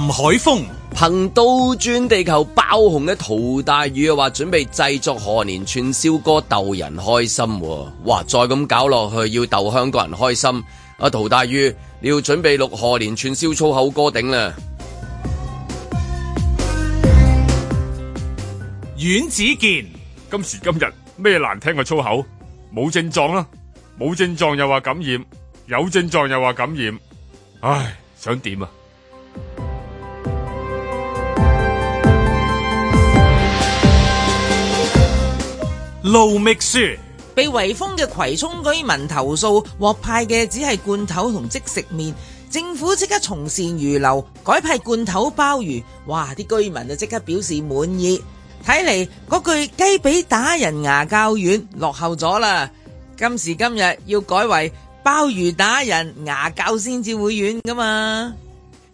林海峰憑倒轉地球爆紅嘅陶大宇啊，話準備製作賀年串燒歌，逗人開心，哇！再咁搞落去要逗香港人開心，阿陶大宇你要準備錄賀年串燒粗口歌頂啦！阮子健今時今日咩難聽嘅粗口？冇症狀啦、啊，冇症狀又話感染，有症狀又話感染，唉，想點啊？路秘書被圍封嘅葵涌居民投訴獲派嘅只係罐頭同即食麵，政府即刻從善如流，改派罐頭鮑魚，哇！啲居民就即刻表示滿意。睇嚟嗰句雞髀打人牙較軟落後咗啦，今時今日要改為鮑魚打人牙較先至會軟㗎嘛？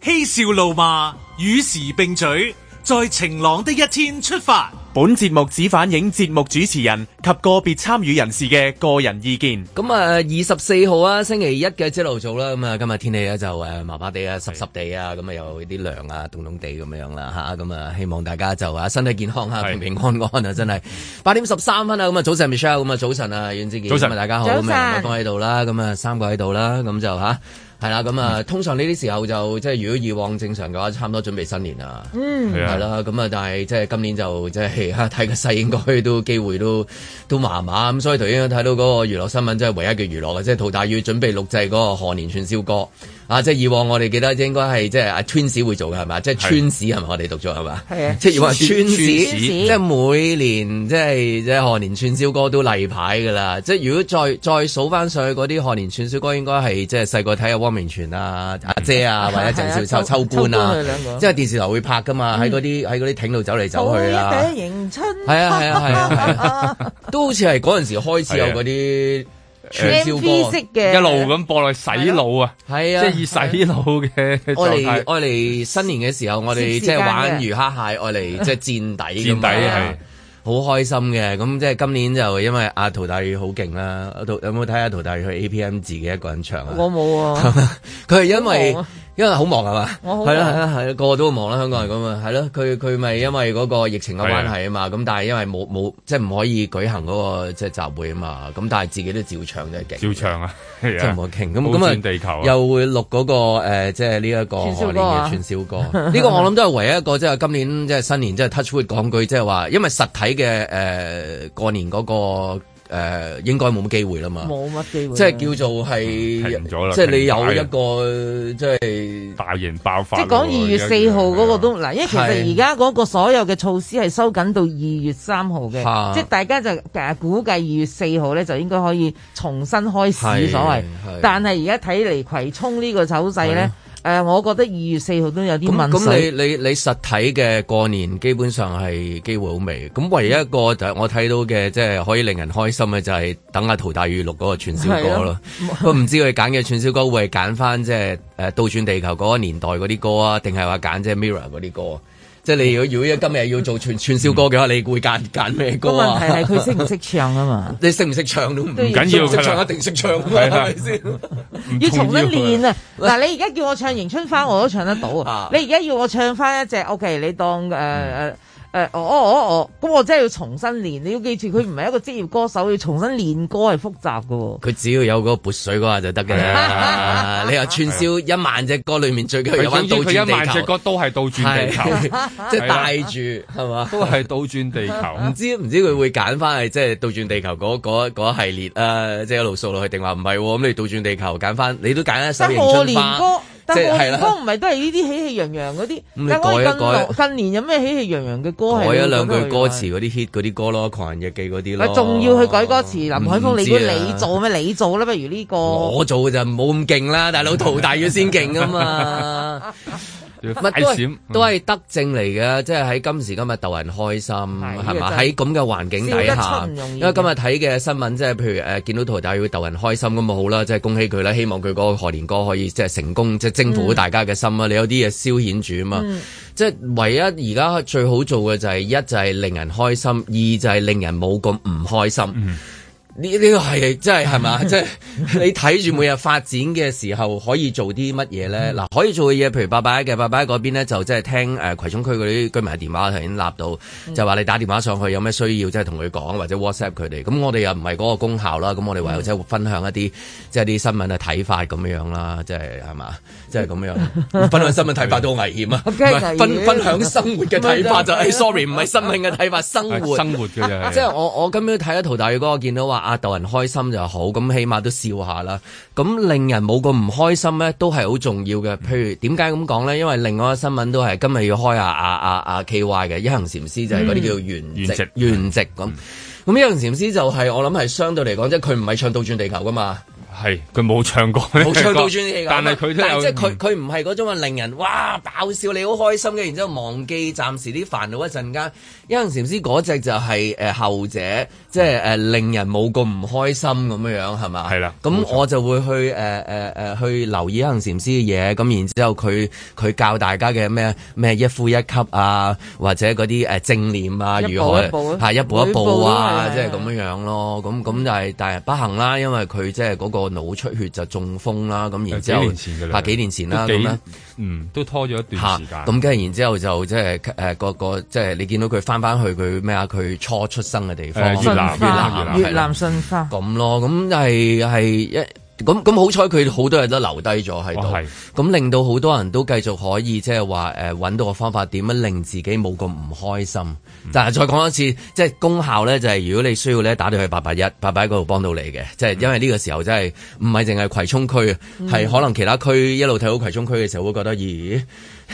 嬉笑怒罵與時並舉，在晴朗的一天出發。本節目只反映節目主持人及個別參與人士嘅個人意見。咁啊，二十四號啊，星期一嘅朝頭早啦，咁啊，今日天氣咧就誒，麻麻地啊，濕濕地啊，咁啊，又啲涼啊，凍凍地咁樣啦，吓，咁啊，希望大家就啊，身體健康啊，是的 平平安安啊，真係。八點十三分啊，咁啊，早晨 Michelle，咁啊，早晨啊，袁志健，早晨，大家好，咁啊，麥風喺度啦，咁啊，三個喺度啦，咁就吓。係啦，咁啊，通常呢啲時候就即係如果以往正常嘅話，差唔多準備新年啦。嗯，係啦，咁啊，但係即係今年就即係睇個勢應該都機會都都麻麻咁，所以頭先睇到嗰個娛樂新聞，真係唯一嘅娛樂嘅，即係陶大宇準備錄製嗰個賀年串燒歌。啊！即係以往我哋記得應該係即係阿 twins 會做嘅係嘛？即係 twins 係咪我哋讀咗係嘛？係啊！即係話 twins 即係每年即係即係賀年串燒歌都例牌㗎啦！即係如果再再數翻上去嗰啲賀年串燒歌，應該係即係細個睇下汪明荃啊、阿姐啊，或者鄭少秋秋官啊，即係電視台會拍㗎嘛？喺嗰啲喺嗰啲艇度走嚟走去啊！迎春係啊係啊係啊，都好似係嗰陣時開始有嗰啲。串燒歌，一路咁播落去洗腦啊！係啊，即係以洗腦嘅。我嚟我嚟新年嘅時候，我哋即係玩魚蝦蟹，我嚟即係墊底。墊底係，好開心嘅。咁即係今年就因為阿陶大宇好勁啦。有冇睇阿陶大宇去 A P M 自己一個人唱啊？我冇啊，佢係 因為。因為好忙係嘛，係啦係啦係啦，個個都會忙啦，香港人咁啊，係咯，佢佢咪因為嗰個疫情嘅關係啊嘛，咁的但係因為冇冇即係唔可以舉行嗰個即係集會啊嘛，咁但係自己都照唱嘅，照唱啊，同我傾咁咁啊，又會錄嗰、那個即係呢一個串燒歌，、啊、歌，串燒歌呢個我諗都係唯一一個即係、就是、今年即係、就是、新年即係、就是、Touchwood 講句即係話，因為實體嘅誒、呃、過年嗰、那個。誒、呃、應該冇乜機會啦嘛，冇乜機會，即係叫做係停咗、嗯、啦，即係你有一個大即係是大型爆發，即係講二月四號嗰個都嗱，因為其實而家嗰個所有嘅措施係收緊到二月三號嘅，是的即係大家就誒估計二月四號咧就應該可以重新開始所謂，是是但係而家睇嚟葵涌呢個手勢咧。誒，uh, 我覺得二月四號都有啲問題。咁你你你實體嘅過年基本上係機會好微嘅。咁唯一一個就係我睇到嘅，即係可以令人開心嘅就係等阿陶大宇錄嗰個串燒歌咯。我唔、啊、知佢揀嘅串燒歌會係揀翻即係誒倒轉地球嗰個年代嗰啲歌啊，定係話揀即係 Mirror 嗰啲歌。 即係你如果如果今日要做串串燒歌嘅話，你會揀揀咩歌啊？個問題係佢識唔識唱啊嘛？ 你識唔識唱都唔 對緊要啦。識唱一定識唱係咪先？要重新練啊！嗱，你而家叫我唱迎春花，我都唱得到啊！ 你而家要我唱翻一隻 OK，你當誒、呃嗯哦，哦、欸，哦，哦，咁我，我，我真係要重新練。你要記住，佢唔係一個職業歌手， 要重新練歌係複雜喎。佢只要有個撥水嗰下就得嘅啦。 你話串燒一萬隻歌裏面 最佢串一， 一,一萬隻歌都係倒轉地球，即係 帶住係嘛？ 吧都係倒轉地球。唔 知唔知佢會揀翻係即係倒轉地球嗰一、嗰個嗰個、系列啊，即、就、係、是、一路數落去，定話唔係咁？你倒轉地球揀翻，你都揀一首歌。但係國唔係都係呢啲喜氣洋洋嗰啲，咁你、嗯、些近年有咩喜氣洋洋嘅歌？改咗兩句歌詞嗰啲 hit 嗰啲歌咯，《狂人日記》嗰啲咯。仲要去改歌詞？林海峰，啊、你估你做咩？你做啦，不如呢、呢個。我做就唔好咁勁啦，大佬陶大宇先勁㗎嘛。 乜都係德政嚟嘅，即係喺今時今日逗人開心，係嘛？喺咁嘅環境底下，因為今日睇嘅新聞，即係譬如誒見到徒弟會逗人開心咁啊，好啦，即係恭喜佢啦，希望佢個賀年歌可以即係成功，即係征服到大家嘅心啊！嗯，你有啲嘢消遣住啊嘛，即係，嗯，唯一而家最好做嘅就係一就係令人開心，二就係令人冇咁唔開心。嗯呢呢個係即係係嘛，即係、 就是、你睇住每日發展嘅時候可，嗯啊，可以做啲乜嘢咧？嗱，可以做嘅嘢，譬如八百一嘅八百一嗰邊咧，就即係聽誒葵涌區嗰啲居民嘅電話頭先已經立到，嗯、就話你打電話上去有咩需要，即係同佢講或者 WhatsApp 佢哋。咁我哋又唔係嗰個功效啦，咁我哋唯有即係分享一啲即係啲新聞嘅睇法咁樣啦，即係係嘛。即係咁樣，分享新聞睇法都好危險啊！分分，分享生活嘅睇法就是，sorry，唔係生命嘅睇法，生活生活嘅啫。即係 我我今日睇咗陶大宇哥，我見到話阿杜人開心就好，咁起碼都笑下啦。咁令人冇咁唔開心咧，都係好重要嘅。譬如點解咁講咧？因為另外一個新聞都係今日要開阿阿阿阿 K Y 嘅一行禪師就係嗰啲叫圓寂，就係嗰啲叫圓寂。圓寂咁。咁席、嗯、一行禪師就係、是、我諗係相對嚟講，即係佢唔係唱倒轉地球噶嘛。.係，佢冇唱過，冇唱到專。但係佢，但係即係佢，佢唔係嗰種啊，令人哇爆笑，你好開心嘅，然之後忘記暫時啲煩惱一陣間。一行禪師嗰隻就係、是、誒、呃、後者，即係誒令人冇咁唔開心咁樣係嘛？係啦。咁的我就會去誒誒、呃呃呃、去留意一行禪師嘅嘢，咁然之後佢佢教大家嘅咩咩一呼一吸啊，或者嗰啲誒正念啊，如何一步一步、啊、一步一步啊，即係咁樣囉。咯。咁咁就係但係不幸啦，因為佢即係嗰個腦出血就中風啦。咁然之後，嚇幾年前啦咁嗯，都拖咗一段時間。咁跟住然之後就即係誒個個即係、就是、你見到佢翻，翻翻去佢咩啊？佢初出生嘅地方越南越南越南順化咁咯，咁係係一咁咁好彩，佢好、哦、多人都留低咗喺度，咁令到好多人都繼續可以即係話誒，揾，就是呃、到個方法，點樣令自己冇咁唔開心。但係、嗯、再講一次，即、就、係、是、功效咧，就係、是、如果你需要咧，打到去八八一，八八一嗰度幫到你嘅。即、就、係、是、因為呢個時候真係唔係淨係葵涌區，係、嗯、可能其他區一路睇到葵涌區嘅時候，會覺得咦。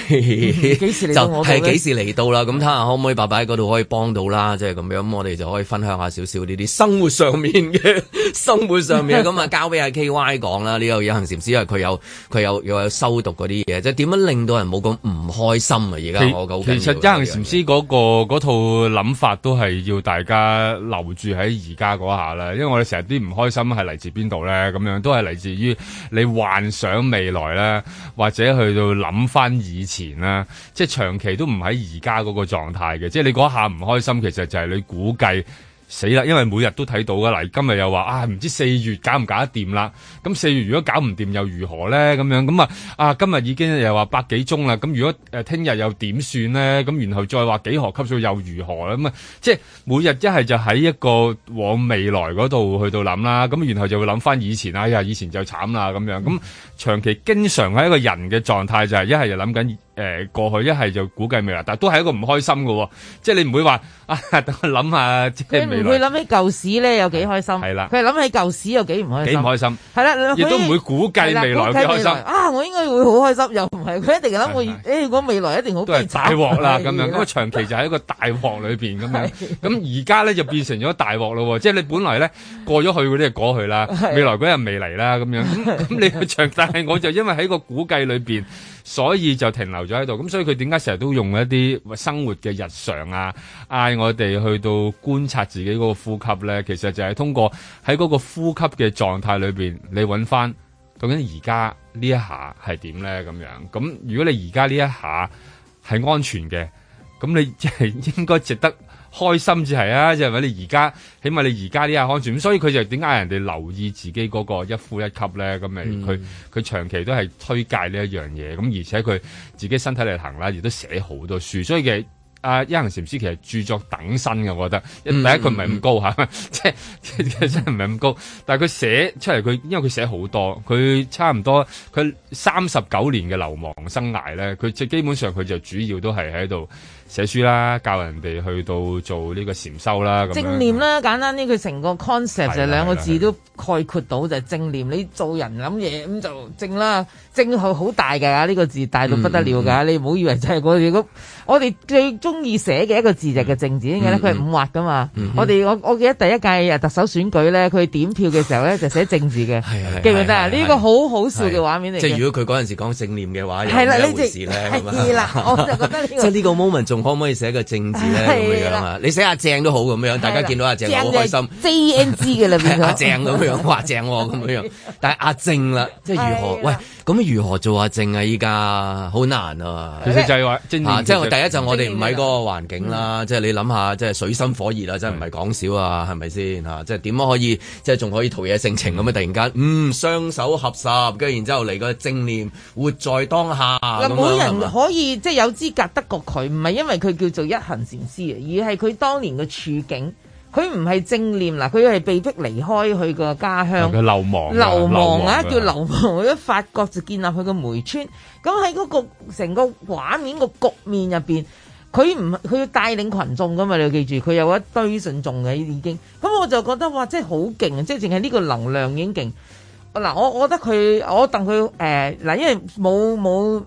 幾 時 就係幾時嚟到啦？咁睇下可唔可以白白喺嗰度可以幫到啦，即係咁樣，我哋就可以分享下少少呢啲生活上面嘅生活上面咁啊，交俾阿 K Y 講啦。呢、這個一行禪師，因為佢有佢有又有修讀嗰啲嘢，即係點樣令到人冇咁唔開心啊？而家我覺得其實一行禪師嗰個、那個、套諗法都係要大家留住喺而家嗰下啦，因為我哋成日啲唔開心係嚟自邊度咧？咁樣都係嚟自於你幻想未來咧，或者去到諗翻以前啦，即係長期都唔喺而家嗰個狀態嘅，即係你嗰下唔開心，其實就係你估計死啦，因為每日都睇到噶。嚟今日又話啊，唔知四月搞唔搞得掂啦。咁四月如果搞唔掂又如何咧？咁樣咁啊，啊今日已經又話百幾宗啦。咁如果誒聽日又點算咧？咁然後再話幾何級數又如何咧？咁啊，即係每日一係就喺一個往未來嗰度去到諗啦。咁然後就會諗翻以前啊，哎、呀以前就慘啦咁樣咁。嗯長期經常喺一個人嘅狀態，就係一係就諗緊誒過去，一係就估計未來，但都係一個唔開心嘅，即係你唔會話啊等我諗下即係未來。佢唔會諗起舊時咧，有幾開心？係啦，佢諗起舊時又幾唔開心？幾唔開心？係啦，亦都唔會估計未來幾開心。啊，我應該會好開心，又唔係佢一定諗我如果未來一定好。都係大鑊啦咁樣，咁長期就喺一個大鑊裏邊咁樣。咁而家咧就變成咗大鑊咯，即係你本來咧過咗去嗰啲就過去啦，未來嗰日未嚟啦咁樣。咁你嘅長係，我就因為喺個估計裏面，所以就停留咗喺度。咁所以佢點解成日都用一啲生活嘅日常啊，嗌我哋去到觀察自己嗰個呼吸咧？其實就係通過喺嗰個呼吸嘅狀態裏面，你揾翻究竟而家呢一下係點咧？咁樣咁，如果你而家呢一下係安全嘅，咁你即係應該值得。開心至係啊，即係咪？你而家起碼你而家呢下康住咁，所以佢就點解人哋留意自己嗰個一呼一吸咧？咁咪，佢佢長期都係推介呢一樣嘢，咁而且佢自己身體力行啦，亦都寫好多書，所以嘅。阿、啊、一行禪師其實著作等身嘅，我覺得第一佢唔係咁高吓即係、嗯啊、 真係唔係咁高，但係佢寫出嚟佢，因為佢寫好多，佢差唔多佢三十九年嘅流亡生涯咧，佢即基本上佢就主要都係喺度寫書啦，教人哋去到做呢個禪修啦。咁正念啦，樣簡單啲，佢成個 concept 就的兩個字都概括到，就係、是、正念。你做人諗嘢咁就正啦。正號好大㗎，呢個字大到不得了㗎，你唔好以為真係我哋我哋最中意寫嘅一個字就係個正字，點解呢？佢係五畫㗎嘛。我哋我我記得第一屆特首選舉咧，佢點票嘅時候咧就寫正字嘅，記得咧呢個好好笑嘅畫面嚟嘅。即係如果佢嗰陣時講正念嘅話，又係咩回事喇。我啊，即係呢個 moment 仲可唔可以寫個正字咧？咁樣啊，你寫阿正都好咁樣，大家見到阿正好開心，J N G 嘅啦變阿正咁樣畫正喎咁樣，但係阿正啦，即係如何喂咁？如何做阿正啊？依家好難啊！就係、是、話，即係、啊就是啊、第一就我哋唔喺嗰個環境啦。即係你諗下，即係水深火熱啦，真唔係講笑啊，係咪先？即係點樣可以，即係仲可以陶冶性情咁啊？嗯、突然間，嗯，雙手合十，跟住然之後嚟個正念活在當下。嗱，每人可以吧即係有資格得過佢，唔係因為佢叫做一行禪師啊，而係佢當年嘅處境。佢唔係正念啦，佢係被迫離開佢個家鄉，流亡，流亡啊，叫流亡。咁法國就建立佢個梅村。咁喺嗰個成個畫面，個局面入面，佢唔佢要帶領群眾噶嘛，你要記住，佢有一堆信眾嘅已經。咁我就覺得哇，真係好勁啊！即係淨係呢個能量已經勁。嗱，我我覺得佢，我戥佢誒嗱，因為冇冇。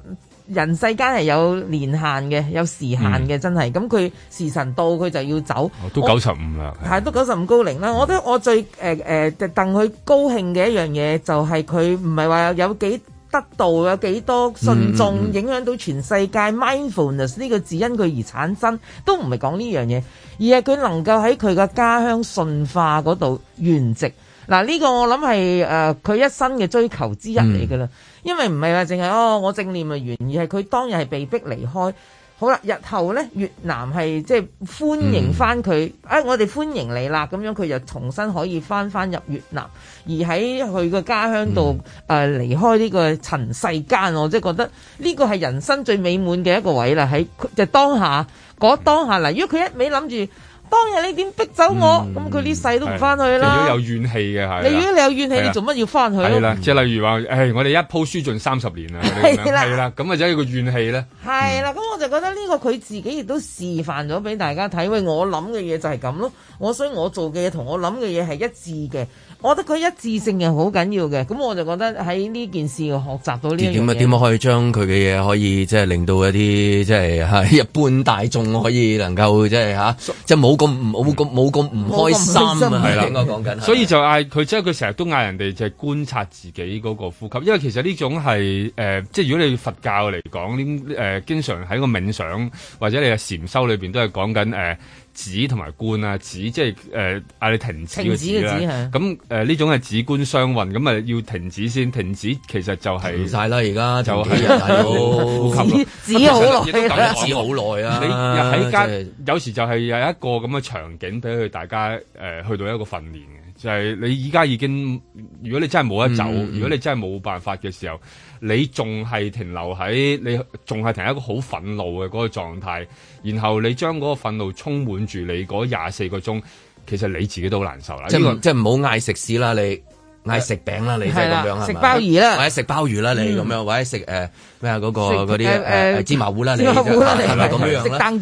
人世間係有年限嘅，有時限嘅，嗯、真係咁佢時辰到佢就要走，都九十五啦，係我都九十五高齡啦。嗯、我覺得我最誒誒戥佢高興嘅一樣嘢，就係佢唔係話有幾得道，有幾多信眾、嗯嗯嗯、影響到全世界。mindfulness 呢個字因佢而產生，都唔係講呢樣嘢，而係佢能夠喺佢嘅家鄉順化嗰度圓寂。嗱、呃、呢、這個我諗係誒佢一生嘅追求之一嚟噶啦。嗯因為唔係話淨係哦，我正念嘅原因，而係佢當日係被逼離開。好啦，日後呢，越南係即係歡迎翻佢，啊、嗯哎、我哋歡迎你啦，咁樣佢又重新可以翻翻入越南，而喺佢、嗯呃、個家鄉度誒離開呢個塵世間，我即係覺得呢個係人生最美滿嘅一個位啦。喺就當下嗰當下，啦如果佢一味諗住。當日你點逼走我？咁佢呢世都唔翻去啦。如果有怨氣嘅係，你如果你有怨氣，你做乜要翻去？係啦的，即係例如話，誒，我哋一鋪輸盡三十年啊，係啦，咁或者要個怨氣咧。係啦的，咁、嗯、我就覺得呢個佢自己亦都示範咗俾大家睇，因為，我諗嘅嘢就係咁咯，我所以我做嘅嘢同我諗嘅嘢係一致嘅。我覺得佢一致性係好緊要嘅，咁我就覺得喺呢件事學習到呢點啊點樣，可以將佢嘅嘢可以即係、就是、令到一啲即係嚇一般大眾可以能夠即係吓，即係冇咁唔冇咁冇咁唔開心係啦，應該講緊。所以就嗌佢即係佢成日都嗌人哋即係觀察自己嗰個呼吸，因為其實呢種係、呃、即係如果你佛教嚟講，誒、呃、經常喺個冥想或者你嘅禪修裏面都係講緊誒。呃指同埋官啊，指，即係誒，嗌、呃、你停止嘅止啦。咁誒呢種係指官相運，咁咪要停止先。停止其實就係、是、停晒啦，而家、啊、就係、是、要 呼吸止好耐，止好耐啦。你喺間有時就係有一個咁嘅場景俾佢大家誒、呃，去到一個訓練嘅，就係、是、你而家已經，如果你真係冇得走，嗯嗯、如果你真係冇辦法嘅時候。你仲係停留喺你仲係停喺一個好憤怒嘅嗰個狀態，然後你將嗰個憤怒充滿住你嗰廿四個鐘，其實你自己都好難受啦。即係是、這個、即係唔好嗌食屎啦你。嗌食餅啦你就係咁樣係啦，或者食鮑魚啦你咁樣，或者食誒咩啊嗰個嗰啲誒芝麻糊啦你，係咁樣，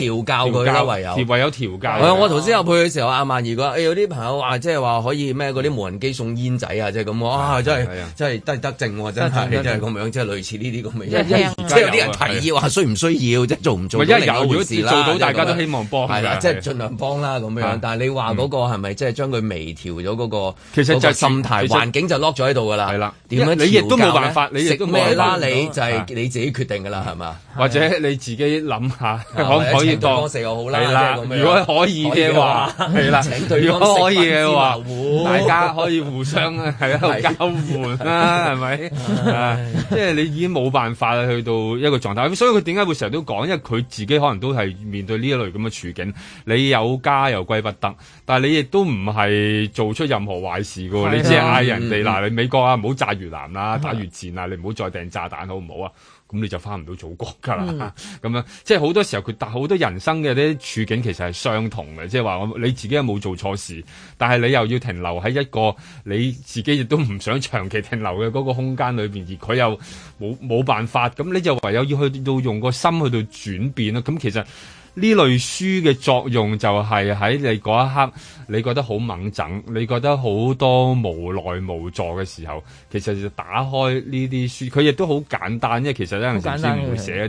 調教佢啦唯有，唯有調教。我頭先有配嘅時候，阿曼兒講有啲朋友話，即係話可以咩嗰啲無人機送煙仔啊，即係咁啊！真係真係得得正喎，真係真係咁樣，即係類似呢啲咁嘅。即係有啲人提議話需唔需要啫？做唔做？因為有如啦，做到，大家都希望幫。係啦，即係儘量幫啦咁樣。但係你話嗰個係咪即係將佢微調咗嗰個？其實就環境就 lock 咗喺度㗎啦，係啦。點樣你亦都冇辦法，你食咩啦？你就係你自己決定㗎啦，係嘛？或者你自己諗下，可唔可以當。係啦，如果可以嘅話，係啦。如果可以嘅話，大家可以互相喺度交換啦，係咪？即係你已經冇辦法去到一個狀態咁，所以佢點解會成日都講？因為佢自己可能都係面對呢一類咁嘅處境。你有家又歸不得，但係你亦都唔係做出任何壞事㗎喎。你只係嗌人哋嗱，你美國啊，唔好炸越南啦，打越戰啊，你唔好再掟炸彈，好唔好啊？咁你就翻唔到祖國㗎啦，咁、嗯、樣即係好多時候佢好多人生嘅啲處境其實係相同嘅，即係話我你自己又冇做錯事，但係你又要停留喺一個你自己亦都唔想長期停留嘅嗰個空間裏面，而佢又冇冇辦法，咁你就唯有要去到用個心去到轉變啦。咁其實。呢類書嘅作用就係喺你嗰一刻你，你覺得好掹整，你覺得好多無奈無助嘅時候，其實就打開呢啲書，佢亦都好簡單，因為其實啲人老師會寫一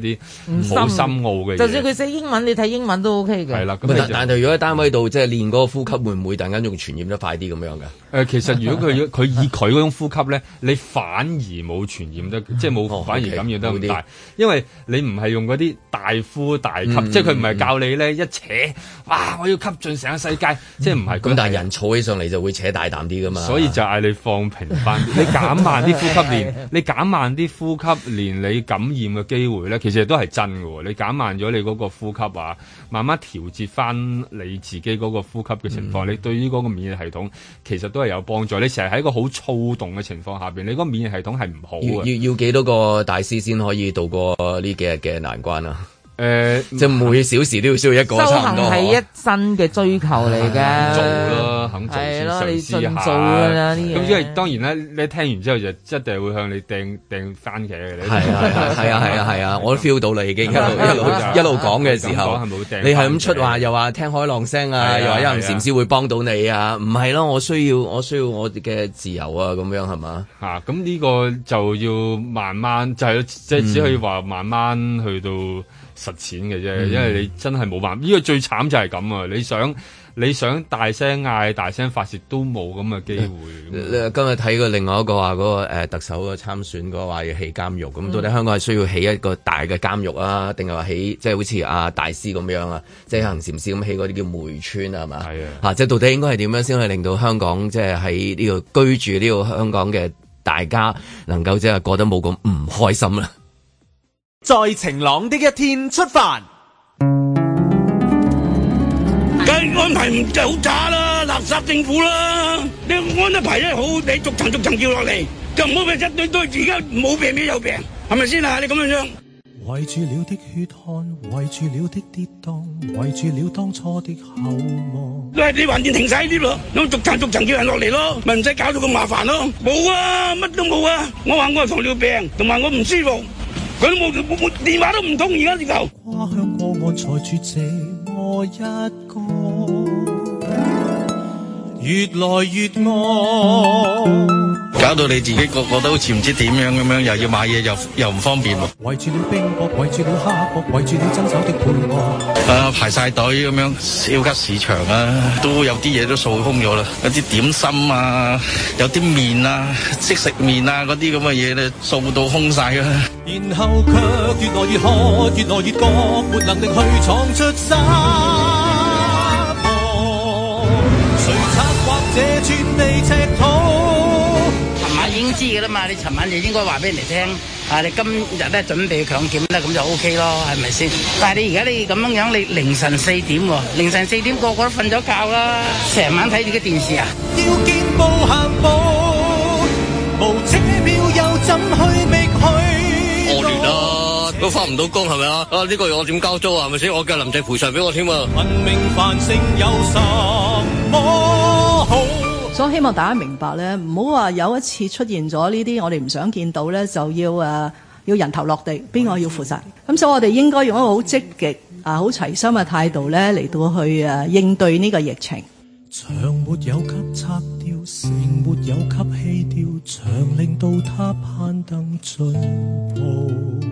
啲好深奧嘅。就算佢寫英文，你睇英文都 OK 嘅。係啦，咁但、嗯、但，但如果喺單位度即係練嗰個呼吸會唔會突然間仲傳染得快啲咁樣嘅？誒，其實如果佢佢 以佢嗰種呼吸咧，你反而冇傳染得，嗯、即係冇、哦 okay，反而感染得咁大，些因為你唔係用嗰啲大呼大吸，嗯、即係佢唔係教你咧一扯，哇！我要吸盡成個世界，嗯、即係唔係咁？但係人坐起上嚟就會扯大啖啲噶嘛，所以就嗌你放平翻， 你減慢啲呼吸連， 你減慢啲呼吸連你感染嘅機會咧，其實都係真㗎喎。你減慢咗你嗰個呼吸啊，慢慢調節翻你自己嗰個呼吸嘅情況，嗯、你對於嗰個免疫系統其實都係有幫助。你成日喺一個好躁動嘅情況下邊，你個免疫系統係唔好要。要要幾多個大師先可以度過呢幾日嘅難關啊？誒，就每小時都要需要一個修行係一生嘅追求嚟噶，做啦，係咯，你盡做啦啲嘢。咁即係當然咧，你聽完之後就一定會向你掟掟番茄嘅。係係係啊係啊係啊，我都 feel 到你已經一路一路一路講嘅時候，係冇掟你係咁出話又話聽海浪聲啊，又話一行禪師會幫到你啊，唔係咯？我需要我需要我嘅自由啊，咁樣係嘛？吓，咁呢個就要慢慢就係即係只可以話慢慢去到。實踐嘅啫，因為你真係冇辦法，呢、嗯、個最慘就係咁啊！你想你想大聲嗌、大聲發泄都冇咁嘅機會。嗯嗯、今日睇過另外一個話嗰、那個、呃、特首嘅參選嗰個話要起監獄咁，到底香港係需要起一個大嘅監獄啊，定係話起即係好似阿大師咁樣啊，即係行禪師咁起嗰啲叫梅村啊，係嘛？係啊，吓！即係到底應該係點樣先可以令到香港即係喺呢個居住呢個香港嘅大家能夠即係過得冇咁唔開心啦、啊在晴朗的一天出發，梗安排唔得好渣啦，垃圾政府啦！你安排得好啲，你逐層逐層叫落嚟，就唔好畀一隊隊而家冇病咩有病，係咪先啊？你咁樣樣，圍住了的血汗，圍住了的跌宕，圍住了當初的厚望，喂，你橫掂停晒啲咯，咁逐層逐層叫人落嚟咯，咪唔使搞到咁麻煩咯。冇啊，乜都冇啊！我話我係糖尿病，同埋我唔舒服。佢都冇冇冇電話都唔通，而家連頭一個。越來越餓，搞到你自己個個都好似唔知點樣咁樣，又要買嘢又又唔方便喎。圍住了兵國，圍住了黑國，圍住了爭吵的配樂。啊，排晒隊咁樣，超級市場啊，都有啲嘢都掃空咗啦，有啲點心啊，有啲麵啊，即食麵啊嗰啲咁嘅嘢咧，掃到空晒啊。然後卻越來越渴，越來越渴，沒能力去闖出山。尋晚已經知嘅啦嘛，你尋晚就應該話俾人哋聽啊！你今日咧準備去強檢啦，咁就 O、OK、K 咯，係咪先？但係你而家你咁樣樣，你凌晨四點喎、哦，凌晨四點個個，個都瞓咗覺啦，成晚睇住啲電視啊！惡劣啦，去去都翻唔到工係咪啊這 不是？啊，呢、這個月我點交租啊？係咪先？我叫林鄭賠償俾我添啊！好,好，所以希望大家明白咧，唔好話有一次出現咗呢啲，我哋唔想見到咧，就要誒要人頭落地，邊個要負責？咁所以我哋應該用一個好積極啊、好齊心嘅態度咧嚟到去誒應對呢個疫情。牆沒有拆掉，城沒有棄掉，牆令到他攀登進步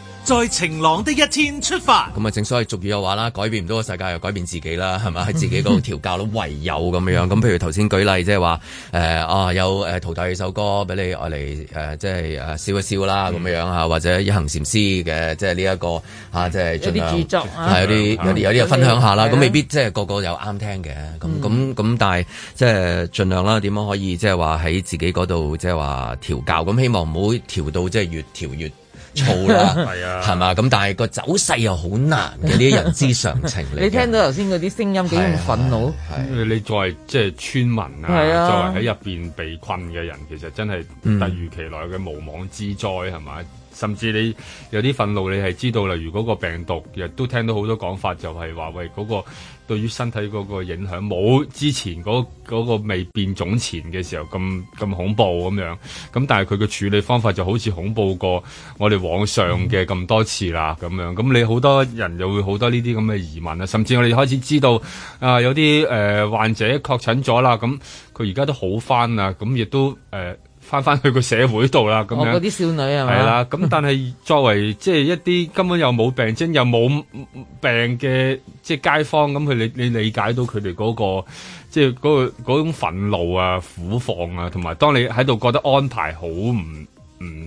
在晴朗的一天出發。咁啊，正所謂俗語嘅話啦，改變唔到個世界，又改變自己啦，係咪？喺自己嗰度調教咯，嗯、唯有咁樣。咁、嗯、譬如頭先舉例，即係話誒啊，有誒徒弟首歌俾你愛嚟，即係誒笑一笑啦咁樣樣，或者一行禪師嘅即係呢一個啊，即係、即係、盡量有啲、啊、有啲有啲又分享下啦。咁、啊、未必即係、即係、個個有啱聽嘅。咁咁咁，但係即係盡量啦。點樣可以即係話喺自己嗰度即係話調教？咁希望唔好調到即係、即係、越調越。嘈啦，係啊，係嘛， 咁但係個走勢又好難嘅，呢啲人之常情嚟。你聽到頭先嗰啲聲音幾咁憤怒，你、啊啊啊、你作為即係、就是、村民啊，啊作為喺入邊被困嘅人，其實真係突如其來嘅無妄之災，係咪、嗯？甚至你有啲憤怒，你係知道，例如嗰個病毒，亦都聽到好多講法就，就係話喂嗰、嗰個對於身體嗰個影響冇之前嗰、嗰嗰個未變種前嘅時候咁咁恐怖咁樣。咁但係佢嘅處理方法就好似恐怖過我哋往上嘅咁多次啦咁、嗯、樣。咁你好多人就會好多呢啲咁嘅疑問啊。甚至我哋開始知道啊，有啲誒、呃、患者確診咗啦，咁佢而家都好返啦，咁、啊、亦都誒。呃翻翻去個社會度啦，咁樣。我嗰啲少女係咪？係啦，咁但係作為即係一啲根本又冇病徵 又冇病嘅即係街坊，咁佢你你理解到佢哋嗰個即係嗰、嗰個嗰種憤怒啊、苦況啊，同埋當你喺度覺得安排好唔唔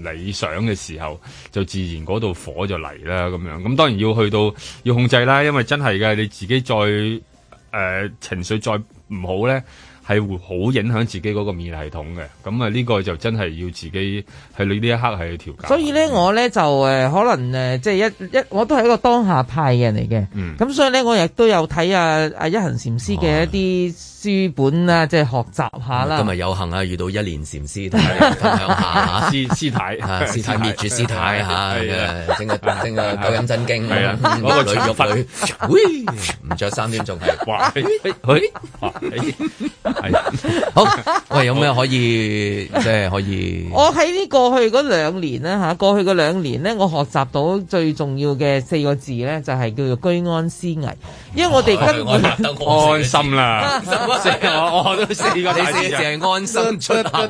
理想嘅時候，就自然嗰度火就嚟啦咁樣。咁當然要去到要控制啦，因為真係嘅你自己再誒、呃、情緒再唔好咧。係會好影響自己嗰個免疫系統嘅，咁啊呢個就真係要自己喺呢呢一刻係調教。所以咧，我咧就誒可能誒即係一一，我都係一個當下派嘅人嚟嘅。咁所以咧，我亦都有睇阿阿一行禪師嘅一啲書本啊，即係學習下啦。咁咪有幸啊，遇到一蓮禪師同分享下，師太，師太滅絕師太吓，整個整個九陰真經我個女玉女，喂，唔着衫點仲係？係，是 好喂，有咩可以即係可以？好可以，我喺呢，過去嗰兩年咧吓，過去嗰兩年咧，我學習到最重要嘅四個字咧，就係、是、叫做居安思危。因為我哋根本安心啦，四、哎、我我學到四個字淨係安心出行，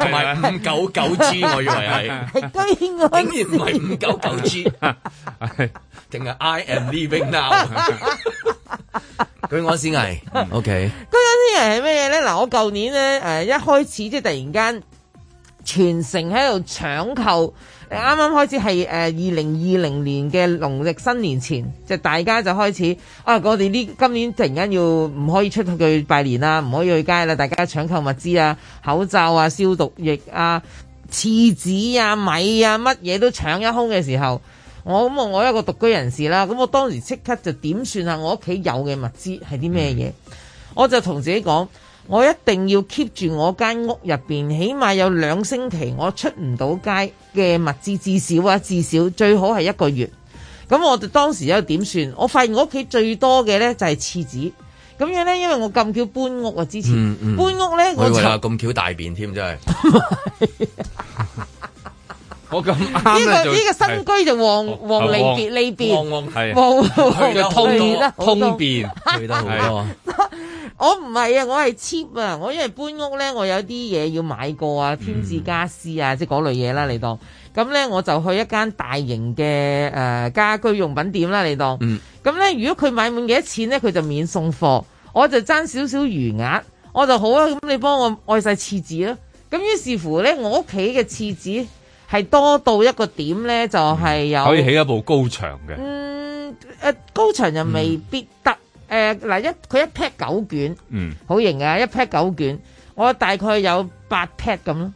同埋五九九 G，我以為係居安、竟然唔係五九九 G，定係、啊啊啊啊、I am leaving now。 居安思危，OK。居安思危係咩嘢呢？嗱，我舊年呢，誒，一開始即係突然間，全城喺度搶購。啱啱開始係誒二零二零年嘅農曆新年前，就是、大家就開始啊，我哋呢今年突然間要唔可以出去拜年啦，唔可以去街啦，大家搶購物資啊，口罩啊，消毒液啊，廁紙啊，米啊，乜嘢都搶一空嘅時候。我咁我我一個獨居人士啦，咁我當時即刻就點算下我屋企有嘅物資係啲咩嘢？嗯、我就同自己講，我一定要 keep 住我間屋入邊，起碼有兩星期我出唔到街嘅物資，至少啊，至少最好係一個月。咁我當時又點算？我發現我屋企最多嘅呢就係廁紙。咁樣呢，因為我咁巧搬屋啊，之前搬屋呢，嗯嗯、我哇從咁巧大便添，真係。 我咁啱啊！呢個呢個新居就黃黃王王利別呢邊，黃黃係佢個通通便，變多 得好很 我唔係啊，我係 cheap 啊。我因為搬屋咧，我有啲嘢要買過啊，添置家私啊，嗯、即係嗰類嘢啦、啊。你當咁咧，我就去一間大型嘅誒、呃、家居用品店啦、啊。你當咁咧，嗯、如果佢買滿幾多錢咧，佢就免送貨。我就爭少少餘額，我就好啊。咁你幫我愛晒廁紙咯。咁於、啊、是乎咧，我屋企嘅廁紙。係多到一個點咧，就係、是、有、嗯、可以起一部高牆嘅。嗯，誒，高牆又未必得。誒、嗯、嗱、呃、一佢一 pat 九卷，嗯，好型啊，一 pat 九卷，我大概有八 pat 咁咯，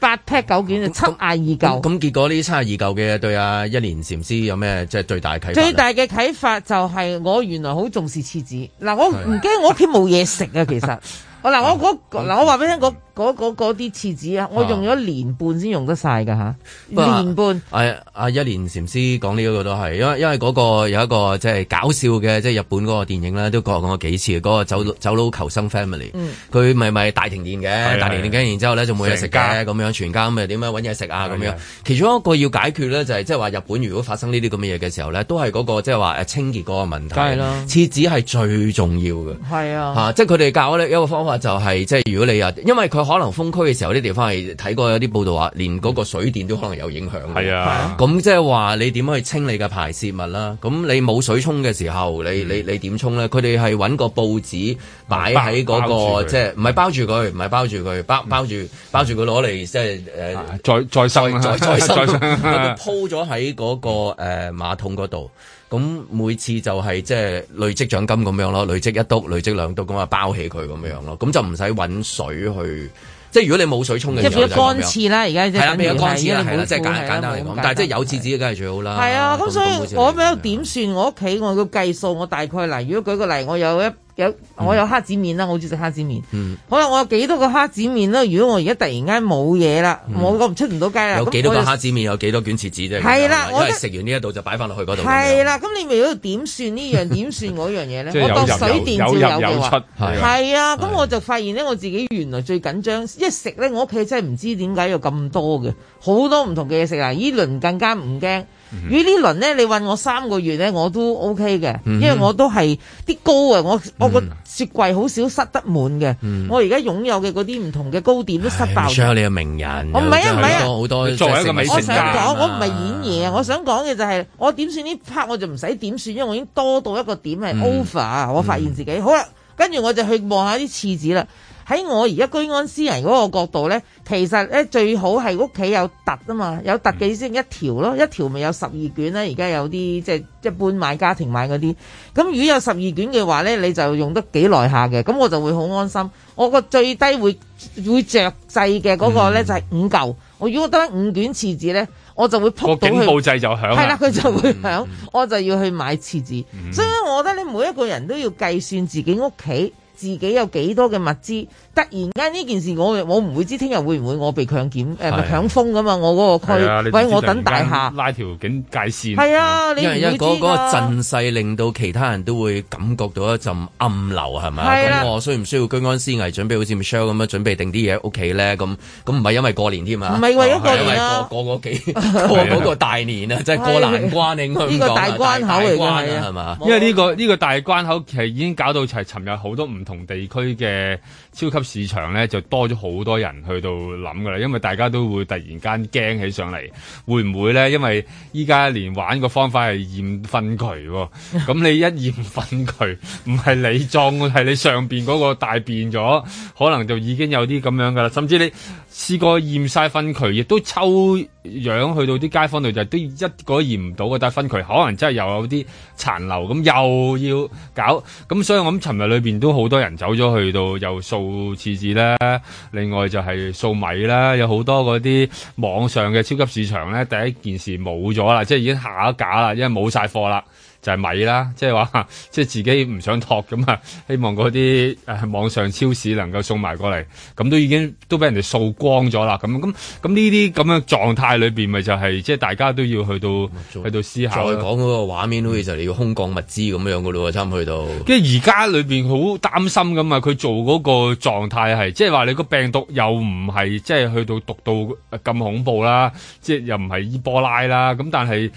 八 pat 九卷就、嗯嗯、七廿二嚿。咁、嗯嗯嗯嗯、結果呢七廿二嚿嘅，對啊，一年禪師有咩即係最大啟發？最大嘅啟發就係我原來好重視廁紙。嗱，我唔驚我屋企冇嘢食啊，其實。 啊、我嗱、那個啊、我嗰嗱我話俾你聽、那個嗰嗰嗰啲廁紙啊，我用咗一年半先用得晒㗎。嚇，一年半。係啊，一年禪師講呢個個都係，因為因為嗰個有一個即係搞笑嘅，即係日本嗰個電影啦，都講講過幾次。嗰個走走佬求生 family，佢咪咪大停電嘅，大停電嘅，然之後咧就冇嘢食嘅咁樣，全家咪點樣搵嘢食啊咁樣。其中一個要解決咧就係即係話日本如果發生呢啲咁嘅嘢嘅時候咧，都係嗰個即係話誒清潔嗰個問題咯。廁紙係最重要嘅，係啊，即係佢哋教呢一個方法就係即係如果你因為佢。可能封區嘅時候，啲地方係睇過有啲報道話，連嗰個水電都可能有影響。啊、嗯，咁即係話你點樣去清理嘅排泄物啦？咁你冇水沖嘅時候，你、嗯、你你點沖咧？佢哋係搵個報紙擺喺嗰個，即係唔係包住佢？唔係、即係嗯、包住佢，包包住、嗯、包住佢攞嚟，即係誒再再收、啊、再再收，佢 生 鋪咗喺嗰個誒、呃、馬桶嗰度。咁每次就係即係累積獎金咁樣咯，累積一督，累積兩督咁啊，包起佢咁樣咯，咁就唔使揾水去，即係如果你冇水沖嘅時候就乾廁啦，而家即係乾廁啦，係啦，即係簡簡單嚟講，但係即係有廁紙梗係最好啦。係啊，咁所以我咁樣點算？我屋企我個計數，我大概嚟，如果舉個例，我有一。有我有蝦子麵啦，我好中意食蝦子麵。嗯，好啦，我有幾多個蝦子麵啦？如果我而家突然間冇嘢啦，我我唔出唔到街啦。有幾多個蝦子麵？有幾多卷廁紙啫？係啦，我食完呢一度就擺翻落去嗰度。係啦，咁你咪要點算呢樣？點算嗰樣嘢咧？我係有入有入有出係啊！咁我就發現咧，我自己原來最緊張，一食咧，我屋企真係唔知點解有咁多嘅，好多唔同嘅嘢食啊！呢輪更加唔驚。於呢輪咧，你問我三個月咧，我都 OK 嘅，嗯、哼因為我都係啲高啊，我、嗯、我個雪櫃好少塞得滿嘅，嗯、我而家擁有嘅嗰啲唔同嘅糕點都塞爆咗。仲有你嘅名人，我唔係啊唔係啊，作為一個美、啊、我唔係演嘢，我想講嘅就係、是、我點算呢 part，我就唔使點算，因為我已經多到一個點係 over，嗯、我發現自己、嗯、好啦，跟住我就去望下啲廁紙啦。喺我而家居安私人嗰個角度咧，其實咧，最好係屋企有突啊嘛，有突幾先一條咯，嗯、一條咪有十二卷咧。而家有啲即係一般買家庭買嗰啲，咁如果有十二卷嘅話咧，你就用得幾耐下嘅，咁我就會好安心。我個最低會會着制嘅嗰個咧就係五舊，我如果得五卷廁紙咧，我就會鋪到佢。警報制就響，係啦，佢就會響，嗯、我就要去買廁紙，嗯、所以我覺得你每一個人都要計算自己屋企。自己有幾多嘅物資？突然間呢件事，我我唔會知，聽日會唔會我被強檢？誒，強封咁嘛？我嗰個區，喂我等大廈拉條警戒線。係啊，你因為因為嗰個陣勢，令到其他人都會感覺到一陣暗流，係咪？咁我需唔需要居安思危，準備好似 Michelle 咁樣準備定啲嘢屋企咧？咁咁唔係因為過年添啊？唔係為咗過年啊，過過嗰幾過嗰個大年啊，即係過難關。應該係。呢個大關口嚟㗎係嘛？因為呢個呢個大關口其實已經搞到齊，尋日好多唔同。同地區嘅。超級市場咧就多咗好多人去到諗噶啦，因為大家都會突然間驚起上嚟，會唔會咧？因為依家連玩個方法係驗糞渠喎、哦，咁 你一驗糞渠，唔係你撞，係你上面嗰個大變咗，可能就已經有啲咁樣噶啦。甚至你試過驗晒糞渠，亦都抽樣去到啲街坊度，就都一個驗唔到嘅，但係糞渠可能真係又有啲殘留，咁又要搞。咁所以我諗，尋日裏面都好多人走咗去到又掃廁紙啦，另外就係掃米啦，有好多嗰啲網上嘅超級市場咧，第一件事冇咗啦，即係已經下架啦，因為冇晒貨啦。就係米啦，即係話，即係自己唔想托咁啊！希望嗰啲誒網上超市能夠送埋過嚟，咁都已經都俾人哋掃光咗啦。咁咁咁呢啲咁樣狀態裏面咪就係即係大家都要去到做去到思考。再講嗰個畫面，好似就你要空降物資咁樣嘅咯喎，差唔多去到。跟住而家裏面好擔心咁啊！佢做嗰個狀態係，即係話你個病毒又唔係即係去到毒到咁恐怖啦，即係又唔係伊波拉啦，咁但係。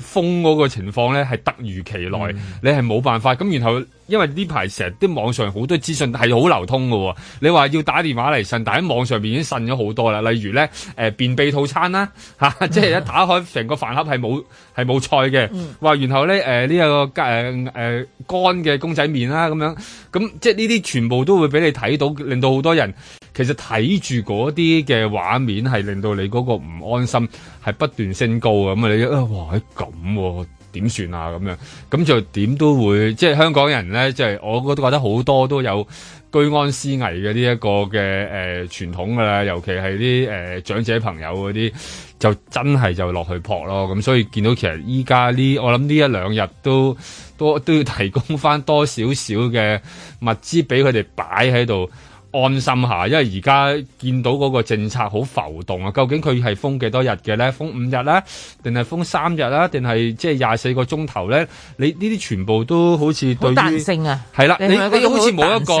封嗰個情況咧係突如其來，嗯、你係冇辦法。咁然後。因為呢排成日啲網上好多資訊係好流通㗎喎，你話要打電話嚟信，但喺網上面已經信咗好多啦。例如咧，誒、呃、便秘套餐啦、啊，即係一打開成 個飯盒係冇係冇菜嘅，話、嗯、然後咧，誒、呃、呢、這個個誒乾嘅公仔麵啦咁樣，咁即係呢啲全部都會俾你睇到，令到好多人其實睇住嗰啲嘅畫面係令到你嗰個唔安心，係不斷升高啊！咁啊，你啊哇，咁。點算啊咁樣，咁就點都會即係香港人咧，即係我覺得好多都有居安思危嘅呢一個嘅誒傳統㗎啦，尤其係啲誒長者朋友嗰啲，就真係就落去撲咯。咁所以見到其實依家呢，我諗呢一兩日都都都要提供翻多少少嘅物資俾佢哋擺喺度，安心下，因為而家見到嗰個政策好浮動啊！究竟佢係封幾多日嘅咧？封五日啦？定係封三日啦？定係即係廿四個鐘頭咧？你呢啲全部都好似對性啊。係啦了，你，是是你好似冇一個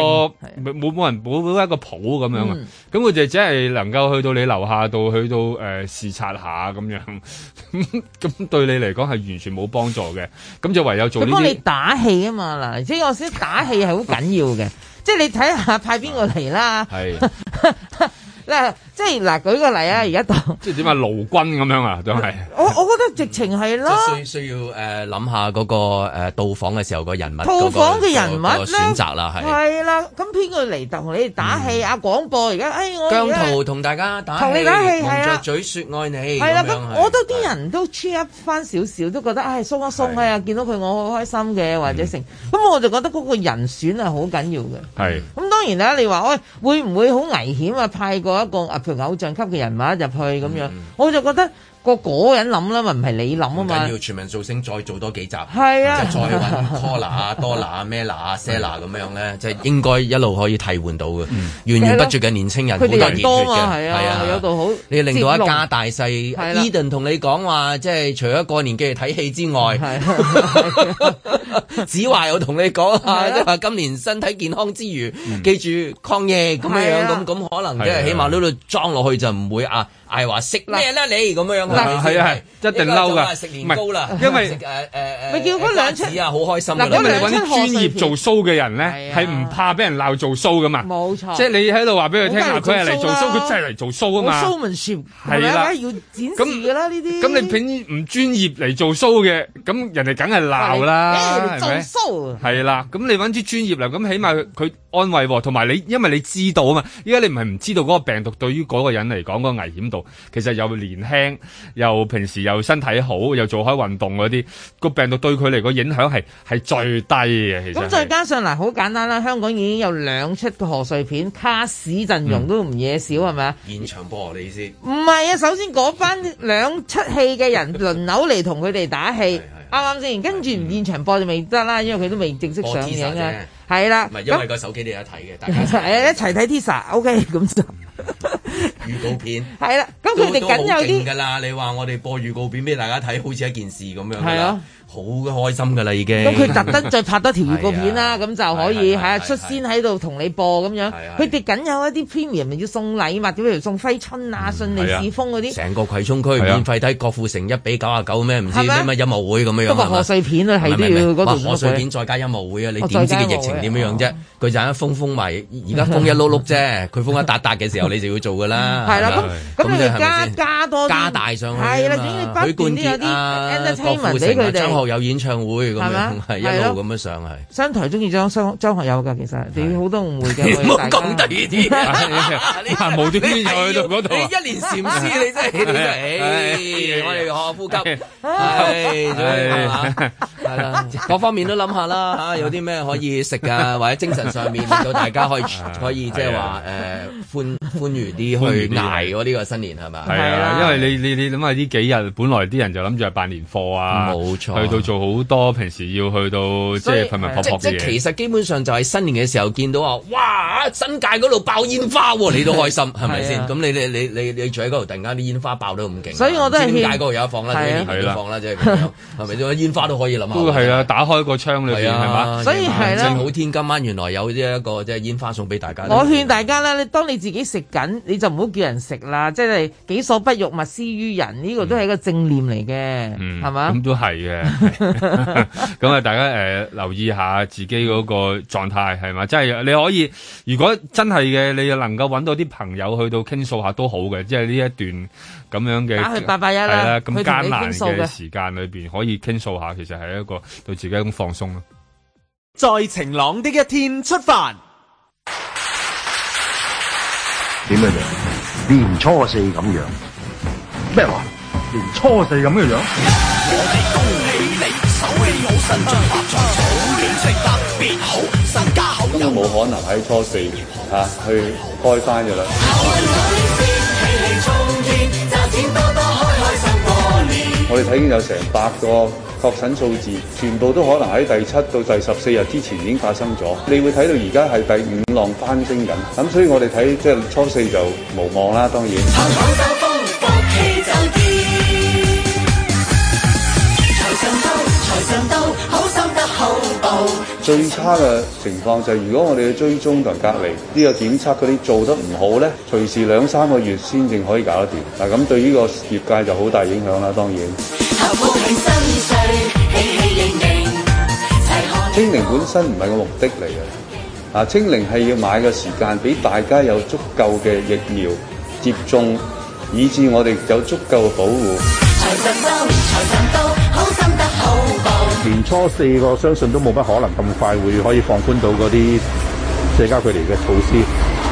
冇冇的人冇一個譜咁樣啊！咁佢、嗯、就只係能夠去到你樓下度，去到誒、呃、視察下咁樣，咁 對你嚟講係完全冇幫助嘅。咁就唯有做呢啲幫你打氣啊嘛嗱，即係我先打氣係好緊要嘅。即係你睇下派邊個嚟啦，係嗱。即係嗱，舉個例啊，而家當即係點啊，勞軍咁樣啊，都係。我我覺得直情係咯。即係需需要誒諗下嗰個到訪嘅時候個人物，到訪嘅人物選擇啦，係。係啦，咁邊個嚟同你哋打氣啊？廣播而家，哎我姜濤同大家打同你打氣係啊，嘴説愛你係啦。咁我覺得啲人都 cheer 翻少少，都覺得哎鬆一鬆啊，見到佢我好開心嘅，或者成咁我就覺得嗰個人選係好緊要嘅。係。咁當然啦，你話喂會唔會好危險啊？派過一個。佢偶像級嘅人物入去咁樣，嗯、我就覺得個個人諗啦，嘛，唔係你諗啊嘛。更要全民造星，再做多幾集，係啊，再搵 Cola 啊、Dona 啊、Mela 啊、Sela 咁樣咧，即係應該一路可以替換到嘅，源源不絕嘅年輕人，好多、嗯、啊，係啊，啊啊有度好。你令到一家大細，Edan 同你講話，即係除咗過年嘅睇戲之外。 只話我同你講啊，即係話今年身體健康之餘，嗯、記住抗疫咁樣樣，咁咁對了 可能即係起碼呢度裝落去就唔會啊。係話食啦你咁樣係啊係，一定嬲噶，食年糕啦，因為誒誒咪叫嗰兩子啊，好開心啊，嗱，因為揾啲專業做 show 嘅人咧，係唔怕俾人鬧做 show 噶嘛，冇錯，即係你喺度話俾佢聽，嗱，佢係嚟做 show，佢真係嚟做 show 啊嘛 showmanship 係啦，要展示噶啦呢啲，咁你偏唔專業嚟做 show 嘅，咁人哋梗係鬧啦，係咪？show，係啦，咁你揾啲專業啦，咁起碼佢安慰，同埋你，因為你知道啊嘛，依家你唔係唔知道嗰個病毒對於嗰個人嚟講個危險度。其實又年輕，又平時又身體好，又做開運動嗰啲，個病毒對佢嚟個影響係係最低嘅。其實咁再加上嚟，好簡單啦。香港已經有兩出賀歲片，卡士陣容都唔嘢少，係咪啊？現場播你意思？唔係啊，首先嗰班兩出戲嘅人輪流嚟同佢哋打戲，啱唔啱先？跟住唔現場播就未得啦，因為佢都未正式上映啊。係啦，係因為個手機你一睇嘅，大家一齊睇 Tisa，OK 咁就。預告片係啦，咁佢哋緊有啲噶啦。你話我哋播預告片俾大家睇，好似一件事咁樣啦，好嘅開心噶啦已經。咁佢特登再拍多條預告片啦，咁就可以吓出先喺度同你播咁樣。佢哋緊有一啲 premium 要送禮物，點樣送揮春啊、順利是封嗰啲，成個葵涌區免費睇郭富城一比九啊九咩？唔知咩音樂會咁樣，不過賀歲片啊，係叫嗰度嗰賀歲片再加音樂會啊，你點知嘅疫情點樣樣啫？佢就一封封埋，而家封一碌碌啫，佢封一笪笪嘅時候。你就要做噶啦，係啦，咁咁你加加多，加大上去，係啦，咁你不斷啲有啲 entertainment 畀佢哋。張學友演唱會咁樣，係一路咁樣上去。新台中意張張張學友噶，其實你好多誤會嘅。唔好咁突然啲，無端端入去到嗰度。你一年禪師，你真係你嚟，我哋學呼吸。係啦，各方面都諗下啦吓，有啲咩可以食啊，或者精神上面令到大家可以可以即係話誒，歡歡愉啲去挨嗰呢個新年係嘛？係啊，因為你你你諗下呢幾日本來啲人就諗住係辦年貨啊，冇錯，去到做好多平時要去到即係頻頻撲嘅嘢。即其實基本上就係新年嘅時候見到啊，哇！新界嗰度爆煙花喎，你都開心係咪先？咁你你你你你住喺嗰度，突然間啲煙花爆得咁勁，所以我都係。新界嗰度有一放啦，放啦，即係係咪煙花都可以諗都係啊！打開個窗裏邊，係嘛、啊？是吧所以係啦。正好天今晚原來有呢一個即係煙花送俾大家。我勸大家咧，當你自己食緊，你就唔好叫人食啦。即係己所不欲，勿施於人。呢個都係一個正念嚟嘅，係嘛、嗯？咁都係嘅。咁啊， 大家誒、呃、留意下自己嗰個狀態係嘛？即係你可以，如果真係嘅，你能夠揾到啲朋友去到傾訴下都好嘅。即係呢一段。咁樣嘅係啦，咁艱難嘅時間裏邊可以傾訴下，其實係一個對自己一種放鬆咯。在晴朗的一天出發，點嘅樣你？年初四咁樣咩話？年初四咁嘅樣？ 我哋恭喜你，手氣 好，新春發財，好運氣特別好，身家好，有冇可能喺初四吓，啊、去開翻嘅啦？啊我哋睇見有成百個確診數字，全部都可能喺第七到第十四日之前已經發生咗。你會睇到而家係第五浪翻升緊，咁所以我哋睇即係初四就無望啦，當然。 最差嘅情況就係，如果我哋嘅追蹤同隔離呢個檢測嗰啲做得唔好咧，隨時兩三個月先至可以搞得掂。嗱、啊，咁對於個業界就好大影響啦。當然，戲戲盈盈清零本身唔係個目的嚟嘅。嗱，清零係要買個時間，俾大家有足夠嘅疫苗接種，以致我哋有足夠嘅保護。年初四我相信都冇乜可能咁快會可以放寬到嗰啲社交距離嘅措施，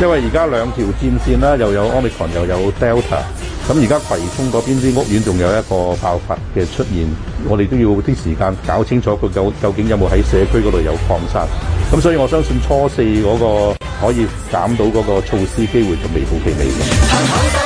因為而家兩條戰線啦，又有 Omicron 又有 Delta，咁而家葵涌嗰邊啲屋苑仲有一個爆發嘅出現，我哋都要啲時間搞清楚佢究究竟有冇喺社區嗰度有擴散，咁所以我相信初四嗰個可以減到嗰個措施機會就微乎其微嘅。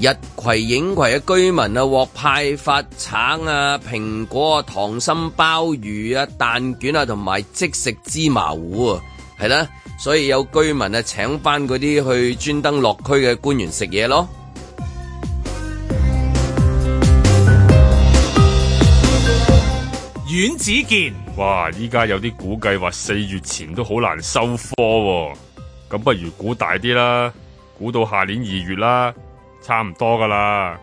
日葵、映葵嘅居民啊，獲派發橙啊、蘋果啊、溏心鮑魚啊、蛋卷啊，同埋即食芝麻糊啊，係啦。所以有居民啊，請返嗰啲去專登落區嘅官員食嘢咯。阮子健，哇！依家有啲估計話四月前都好難收科啊，咁不如估大啲啦，估到下年二月啦。差唔多噶啦。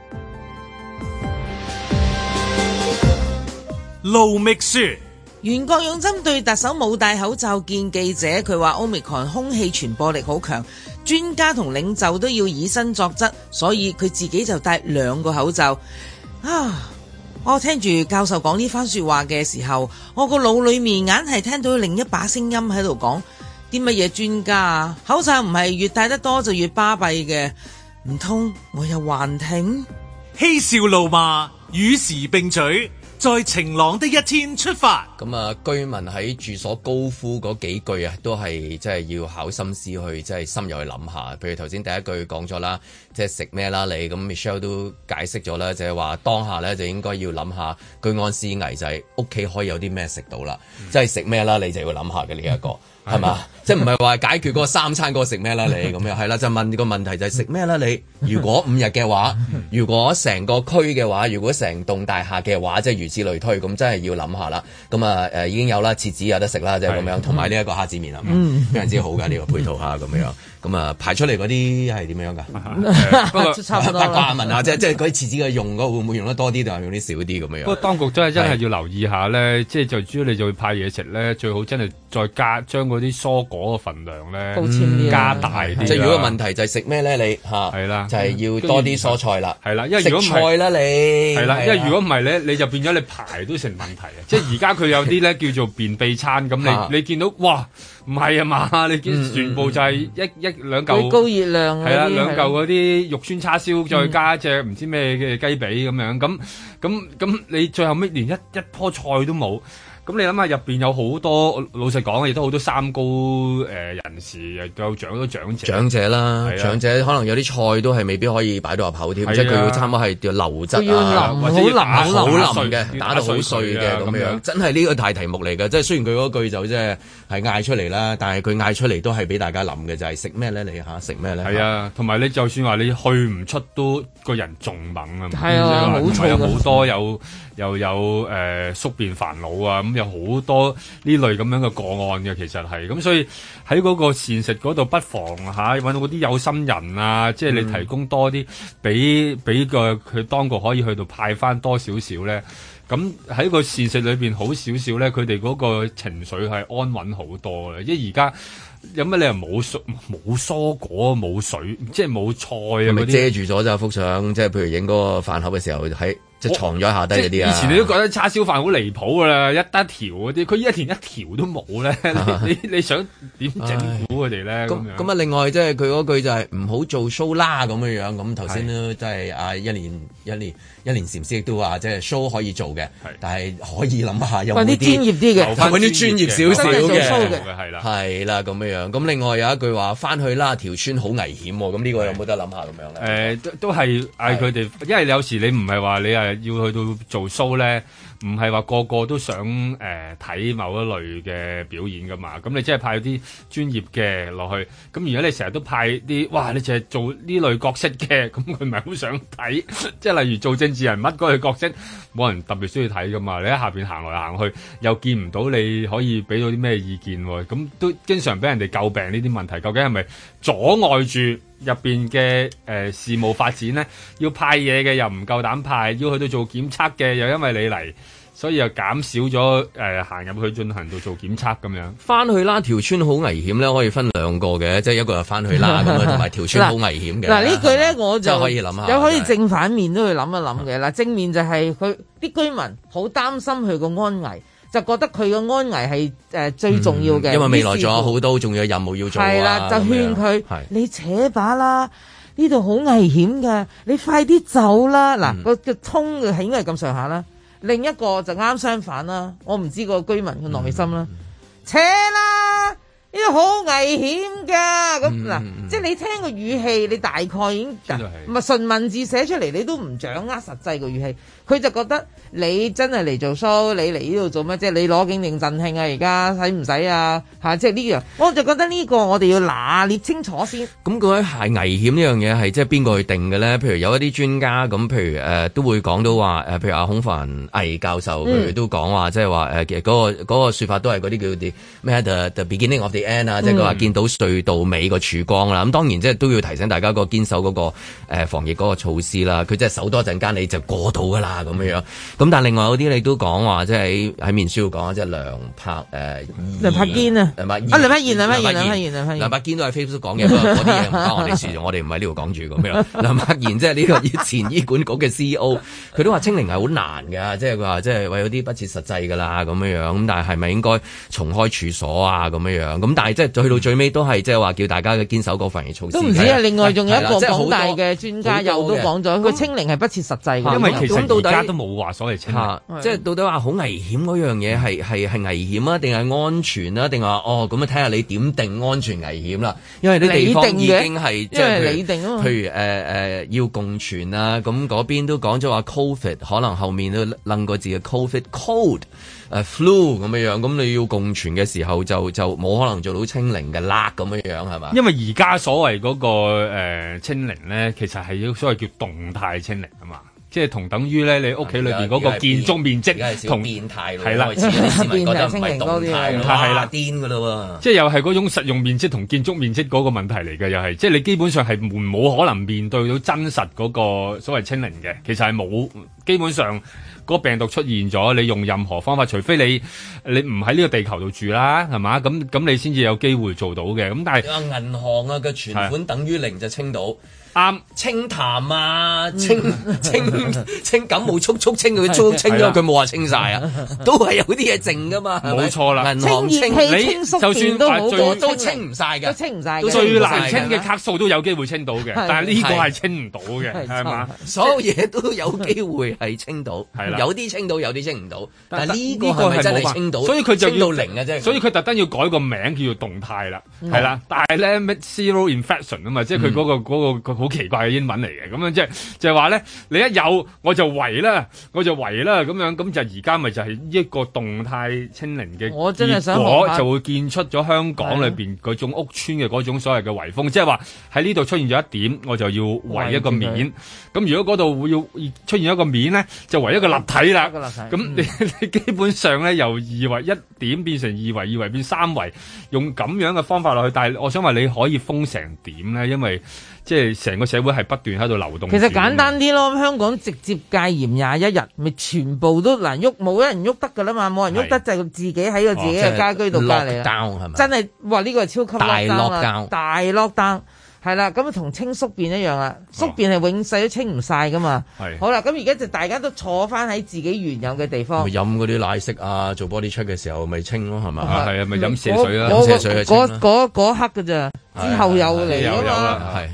盧覓雪。袁國勇針對特首冇戴口罩見記者，佢話 Omicron 空氣傳播力好強，專家同領袖都要以身作則，所以佢自己就戴兩個口罩。啊，我聽住教授講呢番說話嘅時候，我個腦裏面硬係聽到另一把聲音喺度講啲乜嘢專家啊，口罩唔係越戴得多就越巴閉嘅。唔通我又幻聽？嬉笑怒罵，與時並舉，在晴朗的一天出發。咁啊，居民喺住所高呼嗰幾句啊，都係即係要考心思去，即係深入去諗下。譬如頭先第一句講咗啦，即係食咩啦你？咁 Michelle 都解釋咗啦，就係話當下咧就應該要諗下居安思危，就係屋企可以有啲咩食到啦。即係食咩啦，你就要諗下嘅呢一個係嘛？ 即係唔係話解決嗰三餐嗰食咩啦你？咁樣係啦，就問個問題就係食咩啦你？如果五日嘅話，如果成個區嘅話，如果成棟大廈嘅話，即係如此類推，咁真係要諗下啦。咁啊、嗯、呃！已經有啦，切子有得食啦，就係、是、咁樣，同埋呢一個蝦子麵啊，嗯、吧非常之好嘅呢個配套下咁、嗯、樣。咁啊，排出嚟嗰啲係點樣噶？八卦問下啫，即係嗰啲廁紙嘅用嗰會唔會用得多啲定係用啲少啲咁樣？不過當局真係真係要留意下咧，即係就主要你就會派嘢食咧，最好真係再加將嗰啲蔬果嘅份量咧加大啲。即係如果問題就係食咩咧，你嚇係啦，就係要多啲蔬菜啦。係啦，因為如果唔係啦，你係啦，因為如果唔係咧，你就變咗你排都成問題啊！即係而家佢有啲咧叫做便秘餐，咁你你見到哇～唔係啊嘛，你全部就係一一兩嚿，高熱量啊，係啊，兩嚿嗰啲肉酸叉燒，再加隻唔知咩嘅雞髀咁樣，咁咁咁你最後尾連一一樖菜都冇，咁你諗下入邊有好多，老實講亦都好多三高人士，又有長到長者長者啦，長者可能有啲菜都係未必可以擺到入口添，即係佢要差唔多係叫流質啊，或者淋好淋嘅，打到好碎嘅咁樣，真係呢個大題目嚟嘅，即係雖然佢嗰句就即係。係嗌出嚟啦，但係佢嗌出嚟都係俾大家諗嘅就係食咩咧，你吓食咩咧？係啊，同埋你就算話你去唔出都個人仲猛啊！係啊，冇錯，有好多有又有誒、呃、宿便煩惱啊，咁有好多呢類咁樣嘅個案嘅，其實係咁，所以喺嗰個膳食嗰度不妨嚇揾、啊、到嗰啲有心人啊，即係你提供多啲俾俾佢當局可以去到派翻多少少咧。咁喺個事實裏面好，好少少咧，佢哋嗰個情緒係安穩好多嘅。因為而家有乜理由冇蔬冇蔬果冇水，即係冇菜啊！是是遮住咗就幅相，即係譬如影嗰個飯盒嘅時候喺。即藏咗下低嗰啲啊！以前你都覺得叉燒飯好離譜噶啦，一得條嗰啲，佢依家連一條都冇咧。你你想點整蠱佢哋咧？咁咁啊！另外即係佢嗰句就係唔好做 show 啦咁樣樣。咁頭先都即係啊一年一年一年禪師亦都話，即係 show 可以做嘅，但係可以諗下有冇啲專業啲嘅，搵啲專業少少嘅。係啦，係啦咁樣樣。咁另外有一句話，翻去啦條村好危險。咁呢個有冇得諗下咁樣咧？誒，都係係嗌佢哋，因為有時你唔係話你係誒，要去到做 show 咧，唔係話個個都想呃、睇某一類嘅表演噶嘛？咁你即係派啲專業嘅落去。咁如果你成日都派啲，哇！你淨係做呢類角色嘅，咁佢唔係好想睇。即係例如做政治人物嗰類角色，冇人特別需要睇噶嘛？你喺下面行來行去，又見唔到你可以俾到啲咩意見，咁都經常俾人哋詬病呢啲問題，究竟係咪阻礙住？入邊嘅誒事務發展咧，要派嘢嘅又唔夠膽派，要去到做檢測嘅又因為你嚟，所以又減少咗誒、呃、行入去進行到做檢測咁樣。翻去啦，條村好危險咧，可以分兩個嘅，即係一個又翻去啦咁樣，同埋條村好危險嘅。嗱 啦吧呢句咧我就真係可以諗下，又可以正反面都去諗一諗嘅。嗱、啊、正面就係佢啲居民好擔心佢個安危。就覺得佢個安危係誒最重要嘅、嗯，因為未來仲有好多重要任務要做。係啦，就勸佢：樣你扯把啦，呢度好危險㗎，你快啲走啦！嗱、嗯，那個個衝嘅係應該係咁上下啦。另一個就啱相反啦，我唔知個居民嘅內心啦，嗯、扯啦，呢度好危險㗎。咁、嗯、嗱，即係你聽個語氣，你大概已經唔係純文字寫出嚟，你都唔掌握實際個語氣。佢就覺得你真係嚟做 show，你嚟呢度做咩啫？你攞景定振興啊！而家使唔使啊？吓、啊、即係呢樣我就覺得呢個我哋要拿捏清楚先。咁佢啲危險呢樣嘢係即係邊個去定嘅咧？譬如有一啲專家咁，譬如誒、呃、都會講到話誒譬如阿孔繁毅教授佢哋都講話即係話誒其實嗰個嗰、嗰個說法都係嗰啲叫啲咩啊？The beginning of the end 啊、嗯！即係佢話見到隧道尾個曙光啦。咁當然即係都要提醒大家個堅守嗰個防疫嗰個措施啦。佢即係守多陣間你就過到㗎啦。咁樣咁，但另外嗰啲你都講話，即係喺面書講啊，即係梁柏誒梁柏堅啊，梁柏啊梁柏賢啊，梁柏賢梁柏堅都喺 Facebook 講嗰啲嘢唔關我哋事，我哋唔喺呢度講住咁樣。梁柏賢即係呢個前醫管局嘅 CEO，佢都話清零係好難㗎，即係話即係有啲不切實際㗎啦咁樣咁，但係係咪應該重開處所啊咁樣咁，但係即係去到最尾都係即係話叫大家嘅堅守嗰份嘅措施。都唔止啊，另外仲有一個港大嘅專家又都講咗，佢清零係不切實際嘅，因為其實。大家都冇話所謂清零、啊，即係到底話好危險嗰樣嘢係係係危險啊，定係安全啊？定話哦咁啊？睇下你點定安全危險啦。因為你地方已經係即係你定譬、啊、如誒誒、呃呃、要共存啊，咁嗰邊都講咗話，covid 可能後面都掕個字嘅 covid cold 誒、啊、flu 咁樣樣，咁、嗯、你要共存嘅時候就就冇可能做到清零嘅啦咁樣樣係嘛？因為而家所謂嗰、那個誒、呃、清零咧，其實係所謂叫動態清零啊嘛。即係同等於咧，你屋企裏邊嗰個建築面積同係啦，變態清零多啲係啦，癲噶啦喎！即係又係嗰種實用面積同建築面積嗰個問題嚟嘅，又係即係你基本上係冇可能面對到真實嗰個所謂清零嘅，其實係冇基本上嗰個病毒出現咗，你用任何方法，除非你你唔喺呢個地球度住啦，係嘛？咁咁你先至有機會做到嘅。咁但係啊，銀行啊嘅存款等於零就清到。啱清痰啊，清清清感冒速速清佢速清咗佢冇話清晒啊，都係有啲嘢剩噶嘛，冇錯啦。清熱氣、清宿便都好，都清唔晒嘅，都清唔晒，最難清嘅卡數都有機會清到嘅，但係呢個係清唔到嘅，係嘛？所有嘢都有機會係清到，係啦，有啲清到，有啲清唔到，但係呢個係真係清到？所以佢就到零嘅啫，所以佢特登要改個名叫做動態啦，係啦，但係咧 make zero infection 啊嘛，即係佢嗰個嗰個好奇怪嘅英文嚟嘅，咁樣即係就係話咧，你一有我就圍啦，我就圍啦，咁樣咁就而家咪就係一個動態清零嘅，我真係想，我就會見出咗香港裏邊嗰種屋村嘅嗰種所謂嘅圍封，即係話喺呢度出現咗一點，我就要圍一個面。咁了如果嗰度會要出現一個面咧，就圍一個立體啦。咁你、嗯、 你基本上咧由二維一點變成二維，二維變成三維，用咁樣嘅方法落去。但係我想話你可以封成點咧？因為即係成個社會係不斷喺度流動。其實簡單啲咯，香港直接戒嚴廿一日，咪全部都難喐，冇一人喐得㗎啦嘛，冇人喐得就係自己喺個自己嘅家居度隔離啊！真係哇，呢個係超級大落單，大落單。大係啦，咁同清宿便一樣啊，宿便係永世都清唔晒噶嘛。係，好啦，咁而家就大家都坐翻喺自己原有嘅地方，飲嗰啲奶昔啊，做 body check 嘅時候咪清咯，係嘛？係啊，咪飲瀉水啦，瀉水嗰刻噶咋，之後又嚟。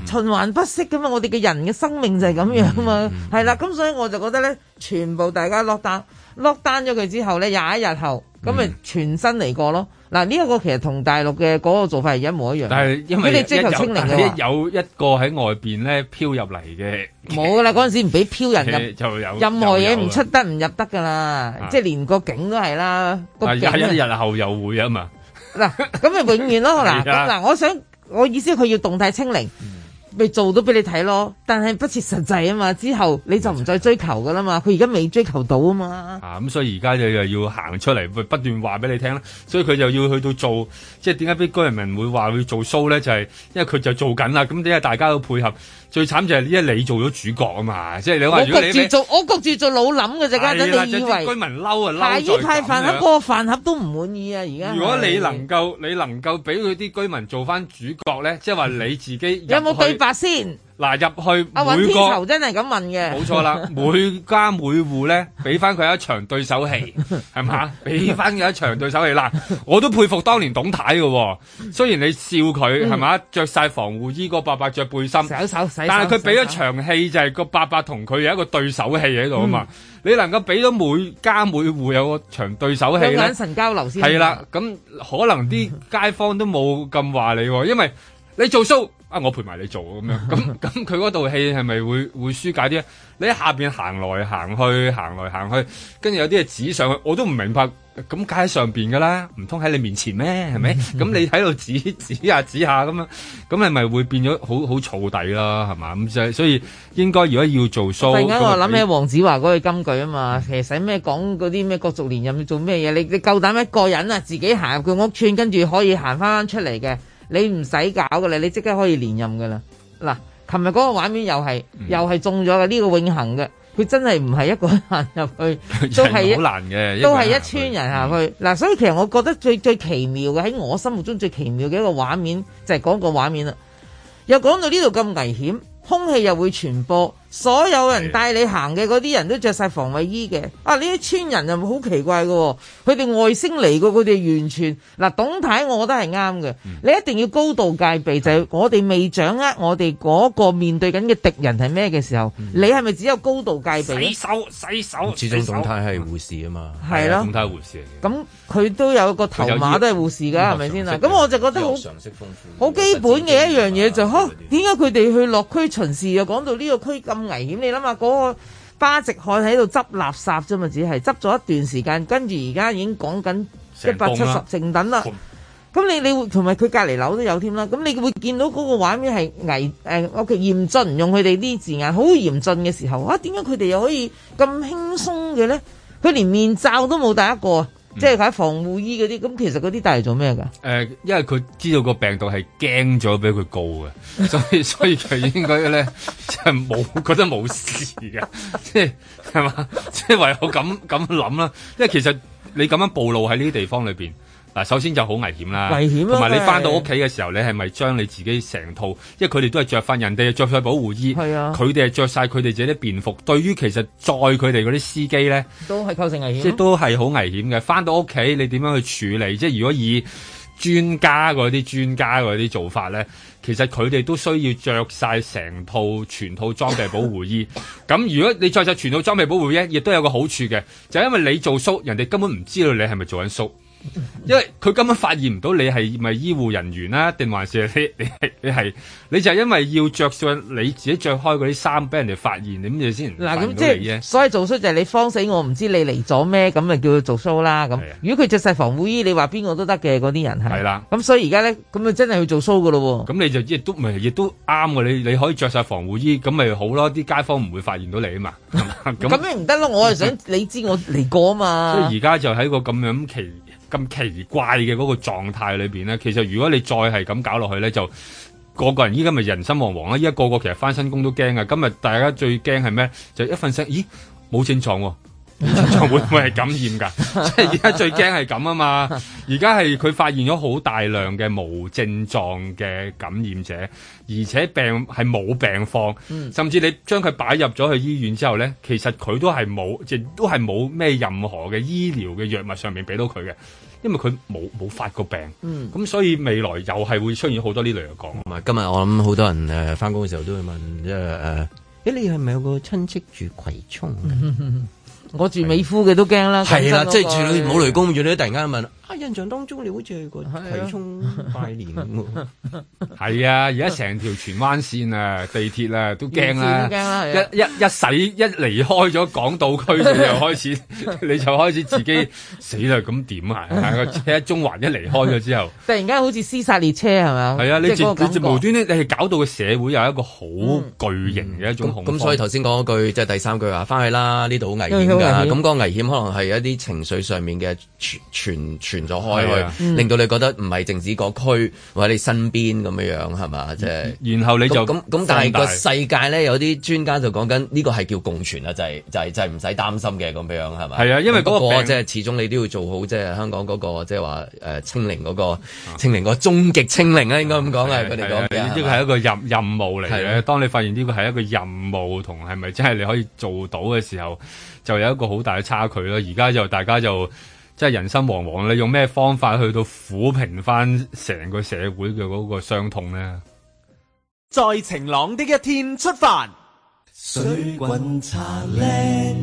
循環不息噶嘛，我哋嘅人嘅生命就係咁樣嘛。係啦，咁所以我就覺得咧，全部大家落單落單咗佢之後咧，廿一日後咁咪全身嚟過咯。嗱，呢一個其實同大陸嘅嗰個做法係一模一樣。但係因為你追求清零，有有一個喺外邊咧漂入嚟嘅，冇啦，嗰陣時唔俾漂人入，就有任何嘢唔出得唔入得噶啦，的即係連個景都係啦。係係的，個有一日後又會啊嘛。嗱，咁咪永遠咯嗱，嗱 的我想我意思佢要動態清零。嗯未做到俾你睇咯，但係不切實際啊嘛，之後你就唔再追求噶啦嘛，佢而家未追求到啊嘛。啊，咁所以而家就又要行出嚟，不斷話俾你聽啦，所以佢就，就要去到做，即係點解啲居民會話去做 show 咧？就係、是、因為佢就做緊啦，咁點解大家都配合？最慘就係因為你做咗主角啊嘛，即係你話如果你我各自做，我各自做老諗嘅啫，家陣的你以為居民嬲啊，排依排飯盒，個飯盒都唔滿意啊，而家如果你能夠，你能夠俾佢啲居民做翻主角咧，即係話你自己你有冇對白先？嗱入去每個、啊、尹天仇真係咁問嘅，冇錯啦。 每家每戶咧，俾翻佢一場對手戲，係嘛？ 俾翻佢一場對手戲啦。 我都佩服當年董太嘅、哦，雖然你笑佢係嘛，着晒、嗯、防護衣個伯伯着背心，手手但係佢俾一場戲手就係個伯伯同佢有一個對手戲喺度啊嘛。嗯、你能夠俾到每家每戶有個場對手戲，有眼神交流先係啦。咁可能啲街坊都冇咁話你，因為你做 show。啊！我陪埋你做咁樣咁咁佢嗰套戲係咪會會疏解啲？你喺下面行來行去，行來行去，跟住有啲嘢指上去，我都唔明白。咁梗喺上面噶啦，唔通喺你面前咩？係咪？咁 你喺度指指下指下咁樣咁係咪會變咗好好燥底啦？係嘛？咁所以應該如果要做 show，突然間我諗起黃子華嗰句金句啊嘛，嗯、其實咩講嗰啲咩國族連任做咩嘢？你你夠膽一個人啊，自己行入佢屋村，跟住可以行返翻出嚟嘅？你唔使搞㗎啦，你即刻可以連任㗎啦。嗱，琴日嗰個畫面又係又係中咗嘅，呢、這個永恒嘅，佢真係唔係一個人入去，都係嘅都係一村人行去。嗱、嗯，所以其實我覺得最最奇妙嘅喺我心目中最奇妙嘅一個畫面就係、是、嗰個畫面啦。又講到呢度咁危險，空氣又會傳播。所有人帶你行嘅嗰啲人都着晒防衛衣嘅。啊，呢啲村人又好奇怪喎。佢哋外星嚟過，佢哋完全嗱，董太，我覺得係啱嘅。你一定要高度戒備，就係我哋未掌握我哋嗰個面對緊嘅敵人係咩嘅時候，你係咪只有高度戒備？洗手，洗手，始終。董太係護士啊嘛，係咯，董太護士嚟嘅。咁佢都有個頭碼都係護士㗎，係咪先啊？咁我就覺得好，好基本嘅一樣嘢就嚇，點解佢哋去落區巡視又講到呢個區咁？危險！你諗下嗰個巴直漢喺度執垃圾啫嘛，只係執咗一段時間，跟住而家已經講緊一百七十正等啦。咁你你會同埋佢隔離樓都有添啦。咁你會見到嗰個畫面係危，誒，OK 嚴峻，用佢哋呢啲字眼好嚴峻嘅時候，啊，點解佢哋又可以咁輕鬆嘅咧？佢連面罩都冇戴一個。嗯、即係睇防護衣嗰啲，咁其實嗰啲戴嚟做咩噶？誒、呃，因為佢知道個病毒係驚咗，俾佢告嘅，所以所以佢應該咧即係冇覺得冇事嘅，即係係嘛，即係唯有咁咁諗啦。因為其實你咁樣暴露喺呢啲地方裏邊。嗱，首先就好危險啦，同埋、啊、你翻到屋企嘅時候，是你係咪將你自己成套，因為佢哋都係着返人哋着晒保護衣，佢哋係着晒佢哋自己啲便服。對於其實載佢哋嗰啲司機咧，都係構成危險、啊，即係都係好危險嘅。翻到屋企你點樣去處理？即係如果以專家嗰啲專家嗰啲做法咧，其實佢哋都需要着晒成套全套裝備保護衣。咁 如果你着晒全套裝備保護衣，亦都有個好處嘅，就是、因為你做 show，人哋根本唔知道你係咪做緊 show。 因為佢根本發現唔到你係咪醫護人員啦、啊，定還是你你係你係你就係因為要着上你自己着開嗰啲衫俾人哋發現，點就先嗱咁即係 所以做 show 就係你慌死我唔知你嚟咗咩，咁咪叫佢做 show 啦。咁、啊、如果佢着晒防護衣，你話邊個都得嘅嗰啲人係係啦。咁、啊、所以而家咧咁啊真係去做 show 噶咯。咁你就亦都唔係亦都啱嘅。你你可以着晒防護衣，咁咪好咯。啲街坊唔會發現到你啊嘛。咁咁唔得咯。我係想你知我嚟過啊嘛。 所以而家就喺個咁樣期。咁奇怪嘅嗰個狀態裏邊咧，其實如果你再係咁搞落去咧，就個個人依家，咪人心惶惶啦！依家個個其實返新工都驚啊！今日大家最驚係咩？就一份聲，咦，冇症狀、啊，冇症狀會唔會係感染噶？即係而家最驚係咁啊嘛！而家係佢發現咗好大量嘅無症狀嘅感染者，而且病係冇病況，嗯、甚至你將佢擺入咗去醫院之後咧，其實佢都係冇，即都係冇咩任何嘅醫療嘅藥物上面俾到佢嘅。因為佢冇冇發過病，咁、嗯、所以未來又係會出現好多呢類嘅講法。咁今日我諗好多人誒，返工嘅時候都會問，即係誒，誒，你係咪有個親戚住葵涌嘅？ 我住美孚嘅都驚啦，係啦是、那個，即係住到冇雷公住你的突然間問。啊、印象當中你好似係個體重拜年喎，係啊！而家成條荃灣線啊、地鐵啊都驚啦、啊，一一一使一離開咗港島區，你 就開始你就開始自己 死啦！咁點啊？喺喺 中環一離開咗之後， 突然間好似屍殺列車係咪啊？係啊！你自無端端你係搞到個社會有一個好巨型嘅一種恐慌。咁、嗯嗯嗯嗯、所以頭先講嗰句，即、就、係、是、第三句話，返去啦！呢度好危險㗎，咁嗰個危險可能係一啲情緒上面嘅傳傳傳。咗開去，啊嗯、令到你覺得唔係淨止個區或者你身邊咁樣樣係嘛？即係、就是、然後你就咁咁，但係個世界咧有啲專家就講緊呢個係叫共存啊，就係、是、就係就係唔使擔心嘅咁樣樣係咪係啊，因為嗰、那個即係病始終你都要做好，即係香港嗰、那個即係話誒清零嗰、那個、啊、清零個終極清零啊，應該咁講啊，佢哋講呢個係一個任任務嚟嘅。啊、當你發現呢個係一個任務同係咪即係你可以做到嘅時候，就有一個好大嘅差距咯。而家就大家就。即係人心惶惶，你用咩方法去到撫平翻成個社會嘅嗰個傷痛呢？在晴朗的一天出發，水滾茶靚，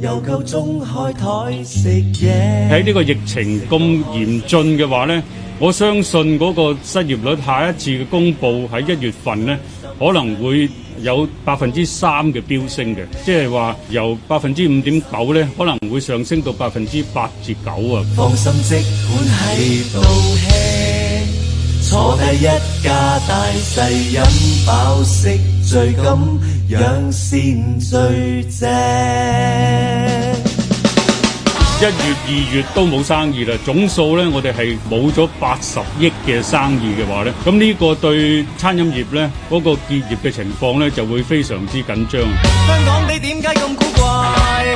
又夠鐘開台食嘢。喺呢個疫情咁嚴峻嘅話咧。我相信嗰個失業率下一次嘅公佈喺一月份呢可能會有百分之三嘅飆升嘅，即係話由百分之五點九呢可能會上升到百分之八至九啊。放心，即管係倒黴，坐低一家大細，飲飽飽食醉，咁樣先最正。一月、二月都冇生意啦，總數呢，我哋係冇咗八十億嘅生意嘅話呢，咁呢個對餐飲業呢嗰個結業嘅情況呢，就會非常之緊張。香港你點解咁古怪？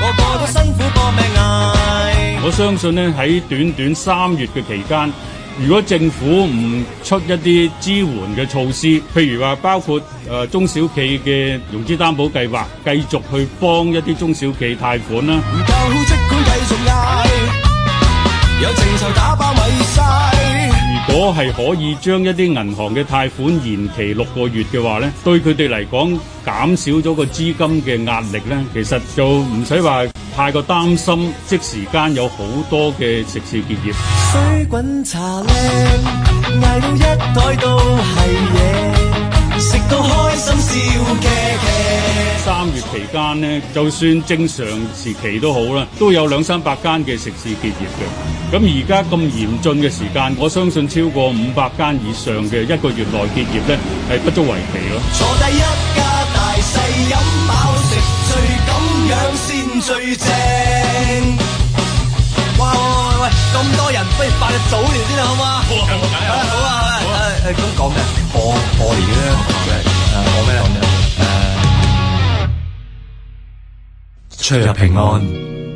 個個都辛苦過命捱。我相信呢，喺短短三月嘅期間。如果政府唔出一啲支援嘅措施，譬如話包括誒中小企嘅融資擔保計劃，繼續去幫一啲中小企貸款啦。唔夠即管繼續嗌，有情仇打爆米曬。如果係可以將一啲銀行嘅貸款延期六個月嘅話咧，對佢哋嚟講減少咗個資金嘅壓力咧，其實就唔使話太過擔心，即時間有好多嘅食肆結業。水滾茶靚挨到一袋都係嘢，食到開心笑嘅嘅。三月期間呢，就算正常時期都好啦，都有兩三百間嘅食肆結業嘅。咁而家咁嚴峻嘅時間，我相信超過五百間以上嘅一個月內結業呢，係不足為奇咯。坐低一家大細飲飽食最咁樣先。最正！哇喂，咁多人，不如拜個早年先啦，好嘛？好啊，好，好，好了啊，好啊，好啊，咁講咩？過過年嘅啦，咩、啊？過咩咧？誒，啊啊啊、出入平安。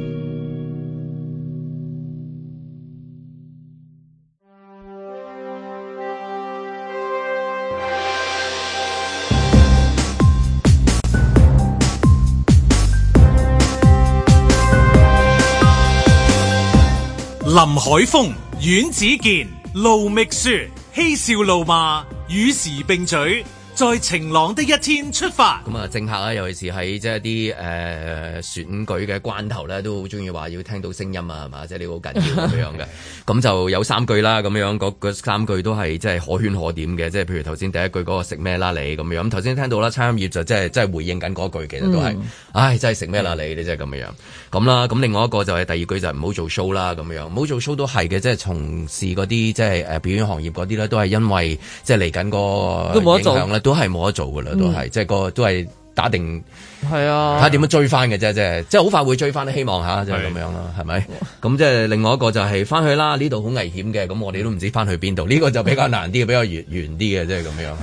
林海峰、阮子健、盧覓雪嬉笑怒罵，與時並舉。在晴朗的一天出發。咁啊，政客啊，尤其是喺即係啲誒選舉嘅關頭咧，都好中意話要聽到聲音啊，係嘛？ 即係你好緊要咁樣嘅。咁就有三句啦，咁樣嗰三句都係即係可圈可點嘅。即係譬如頭先第一句嗰、嗰個食咩啦你，你咁樣。咁頭先聽到啦，餐飲業就即係即係回應緊嗰句，其實都係，嗯、唉，真係食咩啦你，你、嗯、你真係咁樣。咁啦，咁另外一個就係第二句就唔、是、好做 show 啦，咁樣唔好做 show 都係嘅。即、就、係、是、從事嗰啲即係誒表演行業嗰啲咧，都係因為即係嚟緊個影響咧，都。都係冇得做噶啦，嗯、都係即係個都係打定，係啊，睇下點樣追翻嘅啫，即係即係好快會追翻，希望吓即係咁樣咯，係咪是？咁即係另外一個就係、是、翻去啦，呢度好危險嘅，咁我哋都唔知翻去邊度，呢、這個就比較難啲，比較遠啲嘅，即係咁樣，係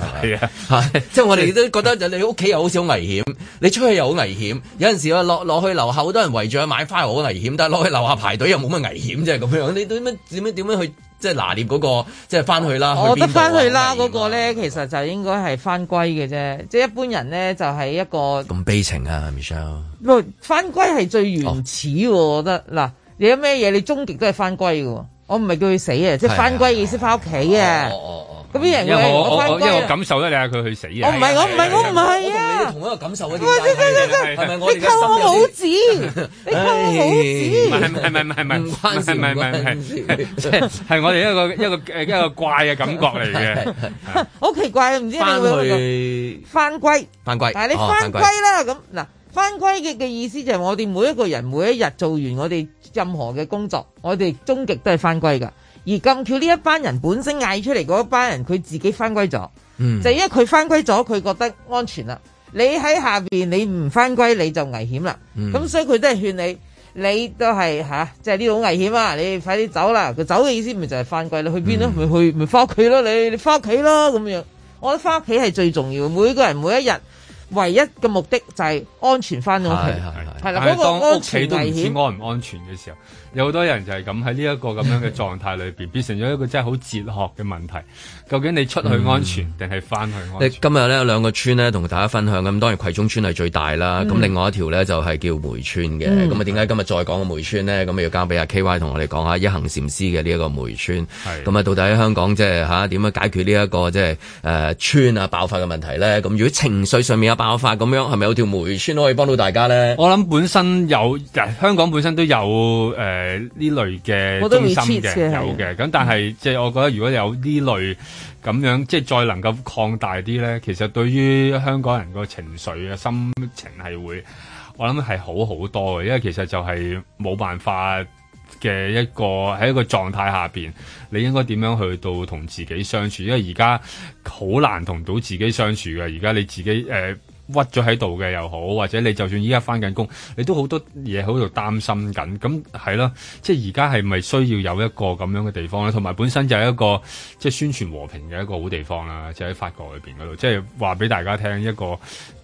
咪？即係我哋都覺得就你屋企又好少危險， 你出去又好危險，有陣時落落去樓下好多人圍住去買花好危險，但係落去樓下排隊又冇乜危險，即係咁樣，你點樣點樣點樣去？即係拿捏嗰、那個，即係翻去啦。我覺得翻去啦，嗰個咧、啊、其實就應該係翻歸嘅啫。即係一般人咧就係、是、一個咁悲情啊，Michelle。唔，翻歸係最原始喎，哦、我覺得。嗱，你有咩嘢？你終極都係翻歸喎。我唔係叫佢死是是是啊，即係翻歸意思翻屋企啊。咁啲人因為我我因為我感受得你係佢去死啊！我唔係我唔係我唔係啊！我同你同一個感受啊！你扣我拇指，你扣我拇指。唔係唔係唔係唔係唔係唔係，係我哋一個一個一個怪嘅感覺嚟嘅，好奇怪，唔知你會唔會返歸？返歸！返歸！但係你返歸啦！咁嗱，返歸嘅嘅意思就係我哋每一個人每一日做完我哋任何嘅工作，我哋終極都係返歸㗎。而咁巧呢一班人本身嗌出嚟嗰一班人，佢自己翻歸咗，嗯、就因為佢翻歸咗，佢覺得安全啦。你喺下面，你唔翻歸你就危險啦。咁、嗯、所以佢都係勸你，你都係吓即係呢度好危險啊！你快啲走啦！佢走嘅意思咪就係翻歸咯，去邊都唔咪去，咪翻屋企咯，你你翻屋企咯咁樣。我覺得翻屋企係最重要，每個人每一日。唯一嘅目的就係安全翻到屋企，係啦，屋企安全危險安唔安全嘅時候，有好多人就係咁喺呢一個咁樣嘅狀態裏邊，變成咗一個真係好哲學嘅問題。究竟你出去安全定係翻去安全？今日呢，有兩個村呢，同大家分享嘅，咁當然葵涌村係最大啦。咁、嗯、另外一條呢，就係、是、叫梅村嘅。咁啊、嗯，點解今日再講梅村呢？咁啊，要交俾阿 KY 同我哋講一下一行禪師嘅呢一個梅村。係，咁啊，到底喺香港即係嚇點樣解決呢、這、一個即係誒、呃、村啊爆發嘅問題咧？咁如果情緒上面爆發咁樣係咪有條眉線可以幫到大家咧？我諗本身有，香港本身都有誒呢、呃、類嘅中心嘅，我有嘅。咁但係即係我覺得如果有呢類咁樣，即係再能夠擴大啲咧，其實對於香港人個情緒嘅心情係會，我諗係好好多嘅，因為其實就係冇辦法嘅一個喺一個狀態下邊，你應該點樣去到同自己相處？因為而家好難同到自己相處嘅，而家你自己誒。呃屈咗喺度嘅又好，或者你就算依家翻緊工，你都好多嘢喺度擔心緊。咁係啦，即係而家係咪需要有一個咁樣嘅地方咧？同埋本身就係一個即係宣傳和平嘅一個好地方啦，就喺、是、法國裏面嗰度。即係話俾大家聽，一個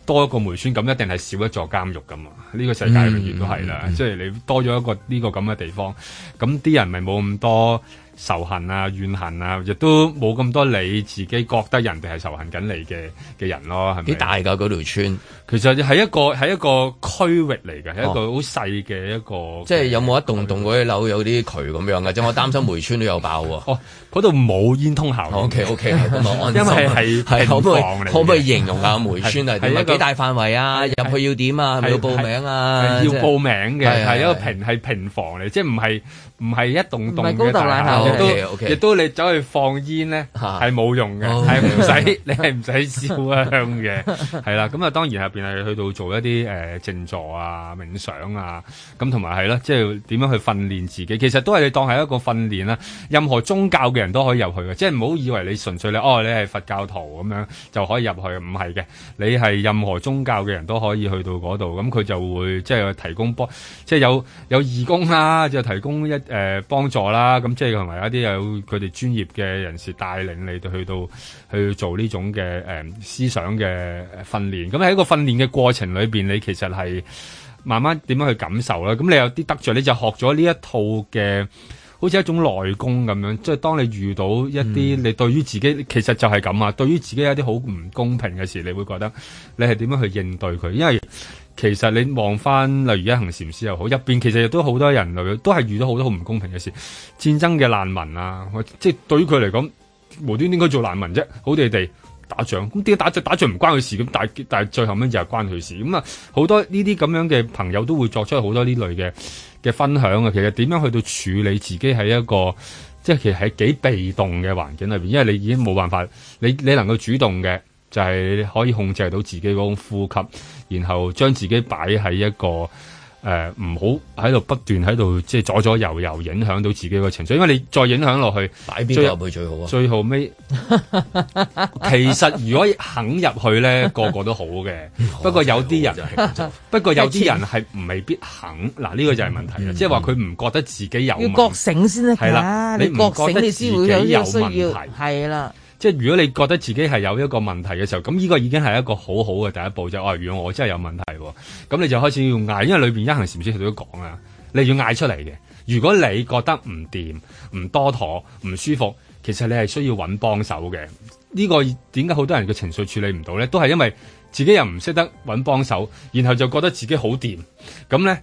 多一個梅村咁，一定係少一座監獄咁啊！呢、呢個世界永遠都係啦。即係、嗯嗯嗯、你多咗一個呢個咁嘅地方，咁啲人咪冇咁多。仇恨啊、怨恨啊，亦都冇咁多你自己覺得人哋係仇恨緊你嘅嘅人咯，係咪？幾大㗎嗰條村？其實係一個係一個區域嚟嘅，係一個好細嘅一個。即係有冇一棟棟嗰啲樓有啲渠咁樣嘅？即我擔心梅村都有爆喎。哦，嗰度冇煙通喉。O K O K，因為係平房嚟嘅。可唔可以形容下梅村係點？幾大範圍啊？入去要點啊？要報名啊？要報名嘅係一個平係平房嚟，即係唔係唔係一棟棟嘅。唔係都亦都，你走去放煙咧，係冇用嘅，係唔使你係唔使燒香嘅。係啦，咁啊，當然係。去到做一啲誒靜坐啊、冥想啊，咁同埋係咯，即係點樣去訓練自己？其實都係你當係一個訓練啦。任何宗教嘅人都可以入去嘅，即係唔好以為你純粹你哦，你係佛教徒咁樣就可以入去，唔係嘅。你係任何宗教嘅人都可以去到嗰度，咁佢就會即係提供幫即係有有義工啦，就提供一誒幫、呃、助啦。咁即係同埋一啲有佢哋專業嘅人士帶領你哋去到去做呢種嘅誒、呃、思想嘅誒訓練，咁喺一個訓練嘅過程裏邊，你其實係慢慢點樣去感受啦。咁你有啲得着，你就學咗呢一套嘅，好似一種內功咁樣。即係當你遇到一啲、嗯、你對於自己其實就係咁啊，對於自己一啲好唔公平嘅事，你會覺得你係點樣去應對佢？因為其實你望翻例如一行禪師又好，入邊其實亦都好多人類，例都係遇到好多好唔公平嘅事，戰爭嘅難民啊，即係對於佢嚟講，無端端應該做難民啫，好地地。打仗咁點解打仗？打,打仗唔關佢事咁，但係但係最後屘就係關佢事咁啊！好多呢啲咁樣嘅朋友都會作出好多呢類嘅嘅分享啊！其實點樣去到處理自己喺一個即係其實係幾被動嘅環境裏面？因為你已經冇辦法，你你能夠主動嘅就係你可以控制到自己嗰種呼吸，然後將自己擺喺一個。誒唔好喺度不斷喺度即係左左右右影響到自己個情緒，因為你再影響落去，擺邊入去最好啊！最後尾， 其實如果肯入去咧，個個都好嘅。 不過有啲人，啊、不過有啲人係唔未必肯。嗱呢 個就係問題啦，即係話佢唔覺得自己有要覺醒先得㗎。你覺醒你先會有呢個需要，係啦。即係如果你覺得自己係有一個問題嘅時候，咁呢個已經係一個好好嘅第一步，就係，如果我真係有問題喎，咁你就開始要嗌，因為裏面一行禪師都講啊，你要嗌出嚟嘅。如果你覺得唔掂、唔多妥、唔舒服，其實你係需要揾幫手嘅。呢個點解好多人嘅情緒處理唔到咧？都係因為自己又唔識得揾幫手，然後就覺得自己好掂，咁咧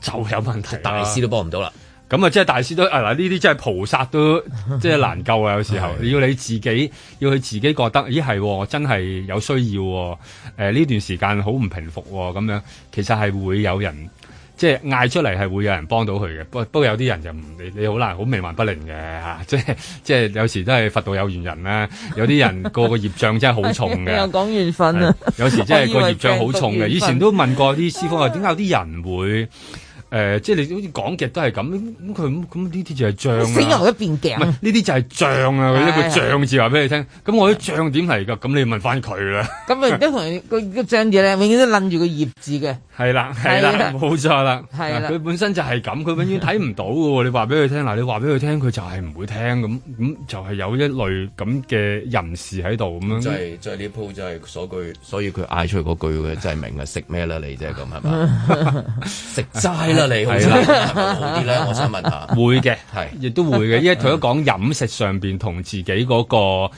就有問題，大師都幫唔到啦。咁啊，即係大師都啊，嗱呢啲即係菩薩都即係難救啊！有時候的要你自己，要佢自己覺得，咦係，真係有需要、啊，誒、呃、呢段時間好唔平伏、啊。咁樣，其實係會有人即係嗌出嚟，係會有人幫到佢嘅。不不過有啲人就唔你你好難好冥頑不靈嘅吓，即係即係有時都係佛度有緣人啦。有啲人個 個業障真係好重嘅，講緣 分啊！有時即係個業障好重嘅。以前都問過啲師父，點解有啲人會？誒，即係你好似講極都係咁，咁佢咁呢啲就係醬啊！死一邊鏡。呢啲就係醬啊，佢一個醬字話俾你聽。咁我啲醬點嚟噶？咁你問翻佢啦。咁啊，都同佢個醬字呢，永遠都冧住個葉字嘅。係啦，係啦，冇錯啦。係啦，佢本身就係咁，佢永遠睇唔到嘅。你話俾佢聽嗱，你話俾佢聽，佢就係唔會聽咁，咁就係有一類咁嘅人士喺度咁樣。就係呢鋪就係所句，所以佢嗌出嚟嗰句嘅，就係明啦，食咩啦你啫，咁係嘛？食齋你係啦，好啲咧，我想問下，會嘅，係亦都會嘅，因為除咗講飲食上邊同自己嗰個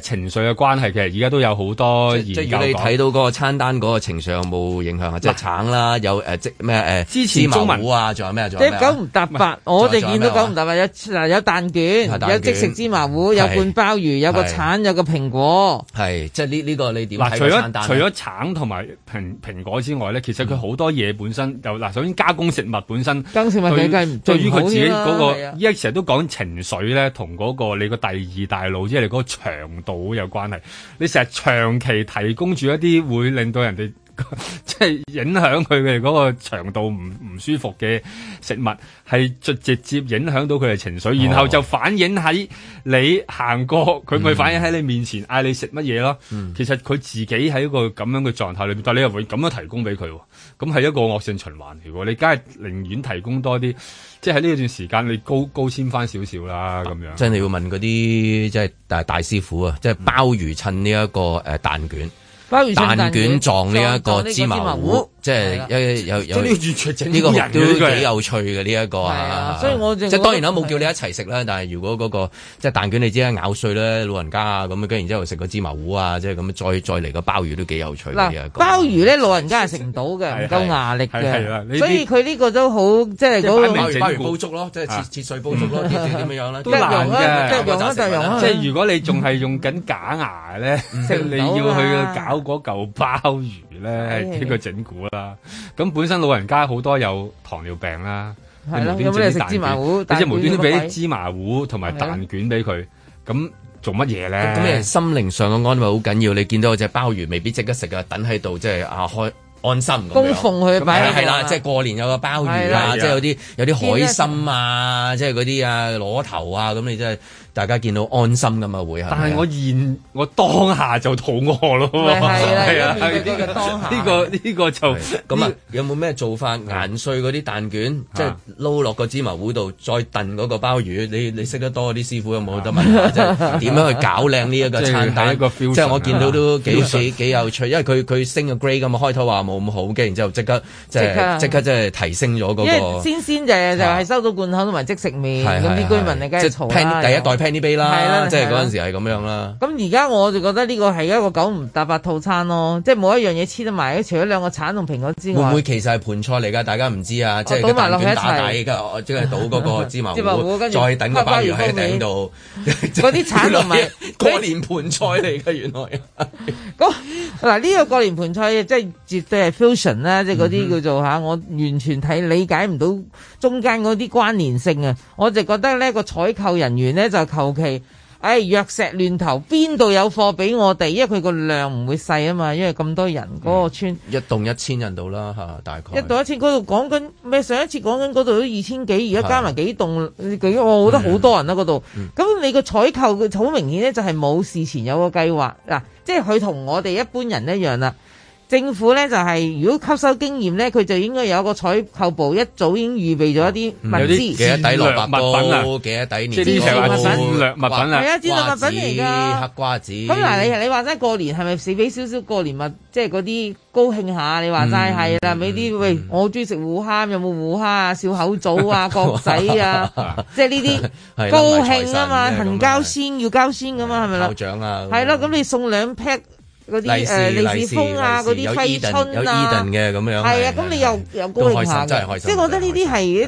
情緒嘅關係嘅，其實而家都有好多研究。你睇到嗰個餐單嗰個情緒有冇影響啊？即係橙啦，有誒即咩誒芝麻糊啊，仲有咩啊？即係九唔搭八，我哋見到九唔搭八，有有蛋卷，有即食芝麻糊，有半鮑魚，有個橙，有個蘋果，係即係呢呢個你點？嗱，除咗除咗橙同埋蘋蘋果之外咧，其實佢好多嘢本身又嗱，首先加工。食物本身，解對於佢自己嗰、那個，依家成日都講情緒咧，同嗰、那個你個第二大腦，即係你嗰個腸道有關係，你成日長期提供住一啲會令到人哋。即係 影響佢嘅嗰個腸道唔唔舒服嘅食物，係直接影響到佢嘅情緒，然後就反映喺你行過，佢咪反映喺你面前嗌你食乜嘢咯。嗯、其實佢自己喺一個咁樣嘅狀態裏面，嗯、但你又會咁樣提供俾佢，咁係一個惡性循環嚟。你梗係寧願提供多啲，即係喺呢一段時間你高高纖翻少少啦咁樣。即係你要問嗰啲即係大大師傅啊，即係鮑魚襯呢一個誒蛋卷。蛋卷狀呢一個芝麻糊。即係有有有呢個都幾有趣嘅呢一個啊！所以我即係當然啦，冇叫你一齊食啦。但係如果嗰個即係蛋卷，你知間咬碎啦，老人家啊咁啊，跟然之後食個芝麻糊啊，即係咁啊，再再嚟個鮑魚都幾有趣嗱。鮑魚咧，老人家係食唔到嘅，唔夠牙力嘅。所以佢呢個都好即係鮑魚煲粥咯，即係切碎煲粥咯，點點樣樣咧？都難嘅，即係用啊就用。即係如果你仲係用緊假牙咧，即係你要去搞嗰嚿鮑魚。咧聽佢整蠱啦，咁本身老人家好多有糖尿病啦，的你無端端蛋卷，即係無端端俾啲芝麻糊同埋蛋卷俾佢，咁的做乜嘢咧？咁你心靈上嘅安慰好緊要，你見到隻鮑魚未必即刻食啊，等喺度即係啊開安心供奉佢，係啦，的即係過年有個鮑魚啊，的的即係有啲有啲海參啊，哪即係嗰啲啊螺頭啊，咁你真係。大家見到安心咁嘛會，但係我現我當下就肚餓咯，係啊係啊，呢個呢個就咁啊有冇咩做法？顏碎嗰啲蛋卷，即係撈落個芝麻糊度，再燉嗰個鮑魚。你你識得多啲師傅有冇得問即啫？點樣去搞靚呢一個餐單？即係我見到都幾似幾有趣，因為佢佢升個 grade 㗎嘛，開頭話冇咁好嘅，然之後即刻即即刻即係提升咗嗰個。因為鮮鮮就就係收到罐頭同埋即食麵，咁啲居民呢，緊係第一代呢杯啦，即係嗰陣時係咁樣啦。咁而家我就覺得呢個係一個九唔搭八套餐咯，即係冇一樣嘢黐得埋，除咗兩個橙同蘋果之外。會唔會其實係盤菜嚟噶？大家唔知啊，哦、即係個蛋卷，卷打底，即係倒嗰個芝麻糊， 糊再等個鮑魚喺頂度。嗰啲 橙同埋過年盤菜嚟噶，原來。嗱呢、 呢個過年盤菜，即係絕對係 fusion 啦，即係嗰啲叫做吓，嗯、哼我完全睇理解唔到中間嗰啲關聯性啊！我就覺得呢、個採購人員咧就。後期，哎，藥石亂投，邊度有貨俾我哋？因為佢個量唔會細啊嘛，因為咁多人嗰、嗯、個村，一棟一千人度啦，吓大概一棟一千嗰度講緊咩？上一次講緊嗰度都二千幾，而家加埋幾棟，幾、哦、我覺得好多人啦嗰度。咁、嗯、你個採購好明顯咧，就係冇事前有個計劃，嗱、啊，即係佢同我哋一般人一樣啦。政府咧就係如果吸收經驗咧，佢就應該有個採購部一早已經預備咗一啲物資，戰略物品啊，幾多底年資物品啊，戰略物品嚟瓜子黑瓜子。咁嗱，你你話齋過年係咪死畀少少過年物，即係嗰啲高興下？你話齋係啦，咪啲喂，我中意食胡蝦，有冇胡蝦啊？笑口棗啊，角仔啊，即係呢啲高興啊嘛，行交先，要交先咁嘛，係咪啦？炮仗啊，係咯，咁你送兩 p 嗰啲誒李子峰啊啲有 e 啊，e n 有 e d 嘅咁樣係啊，咁你又有高開心真係開心，即係我覺得呢啲係一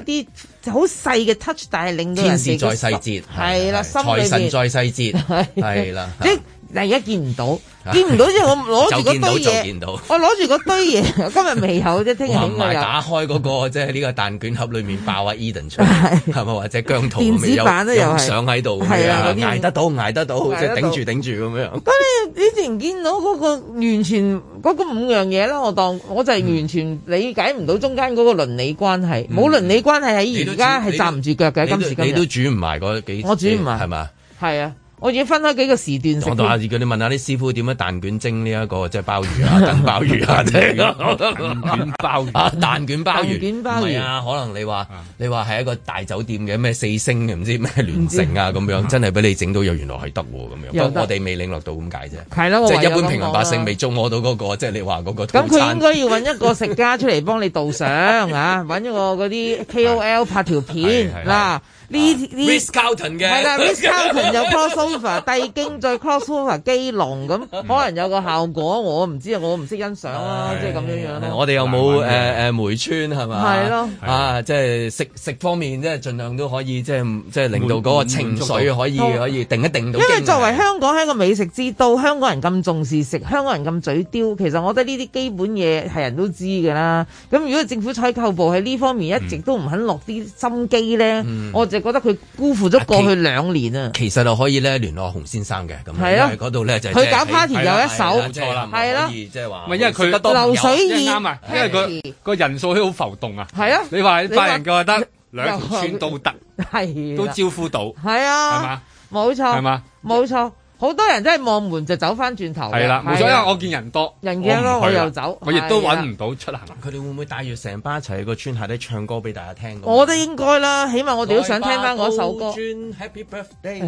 啲好細嘅 touch 但係令到天使再細節係啦，心財神再細節係啦即但而家見唔到，見唔到之後我攞住嗰堆嘢，我攞住嗰堆嘢，今日未有啫，聽日同埋打開嗰個即係呢個蛋卷盒裏面爆 Eden 出，係咪或者姜濤？電子版都有相喺度，係啊，捱得到捱得到，即係頂住頂住咁樣。咁你以前見到嗰個完全嗰個五樣嘢咧，我當我就係完全理解唔到中間嗰個倫理關係，冇倫理關係喺而家係站唔住腳嘅。今時今日你都煮唔埋嗰幾，我煮唔埋係咪？係啊。我已經分開幾個時段。我同下次叫你問下啲師傅點樣蛋卷蒸呢一個，即係鮑魚啊、燉鮑魚啊，即係蛋卷鮑魚啊、蛋卷鮑魚。唔係啊，可能你話你話係一個大酒店嘅咩四星嘅，唔知咩聯盛啊咁樣，真係俾你整到又原來係得喎咁樣，我哋未領略到咁解啫。係咯，即係一般平民百姓未捉摸到嗰個，即係你話嗰個套餐。咁佢應該要搵一個食家出嚟幫你導賞啊，揾一個嗰啲 KOL 拍條片嗱。呢呢，Ritz-Carlton 嘅係啦，Ritz-Carlton 又 crossover，帝京再 crossover 基隆咁，可能有個效果，我唔知啊，我唔識欣賞啦，即係咁樣樣我哋有冇誒梅村，係咪？係咯，啊，即係食食方面即係盡量都可以，即係即係令到嗰個情緒可以可以定一定到。因為作為香港係一個美食之都，香港人咁重視食，香港人咁嘴刁，其實我覺得呢啲基本嘢係人都知㗎啦。咁如果政府採購部喺呢方面一直都唔肯落啲心機咧，我覺得佢辜負咗過去兩年啊！其實就可以咧聯絡洪先生嘅咁喺嗰度咧，就佢搞 party 有一手，係啦，即係話，因為佢流水易，因為佢個人數好浮動啊。係啊，你話大人嘅得兩寸都得，係都招呼到，係啊，係嘛？冇錯，係嘛？冇錯。好多人真係望門就走翻轉頭。係啦，冇錯，因為我見人多，人嘅咯，我又走。我亦都揾唔到出行。佢哋會唔會帶住成班一齊去個村下啲唱歌俾大家聽？我覺得應該啦，起碼我哋都想聽翻嗰首歌。Happy birthday，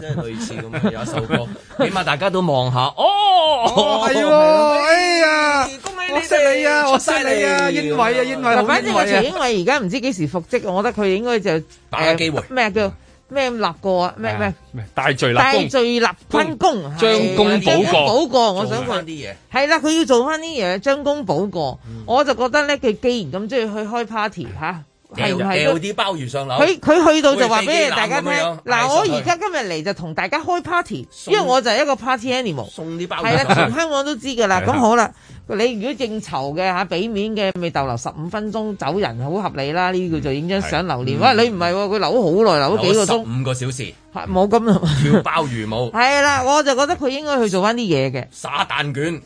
即係類似咁，有一首歌，起碼大家都望下。哦，係喎！哎呀，恭喜你啊，我犀利啊，英偉啊，英偉，反正我英偉而家唔知幾時復職，我覺得佢應該就打下機會。咩叫？咩立過啊？咩咩咩大罪立大罪立分工，將功將功補過。我想問，係啦，佢要做翻啲嘢，將功補過，我就覺得咧，佢既然咁中意去開 party 吓，係唔啲鮑魚上樓。佢佢去到就話俾大家聽，嗱，我而家今日嚟就同大家開 party，因為我就係一個 party animal。送啲鮑魚。係啦，全香港都知㗎啦。咁好啦。你如果應酬嘅吓，俾面嘅未逗留十五分鐘走人，好合理啦。呢啲叫做影張相留念。喂，你唔係喎，佢留咗好耐，留咗幾個鐘，五個小時。冇咁啊！跳鮑魚舞。係啦，我就覺得佢應該去做翻啲嘢嘅。撒蛋卷，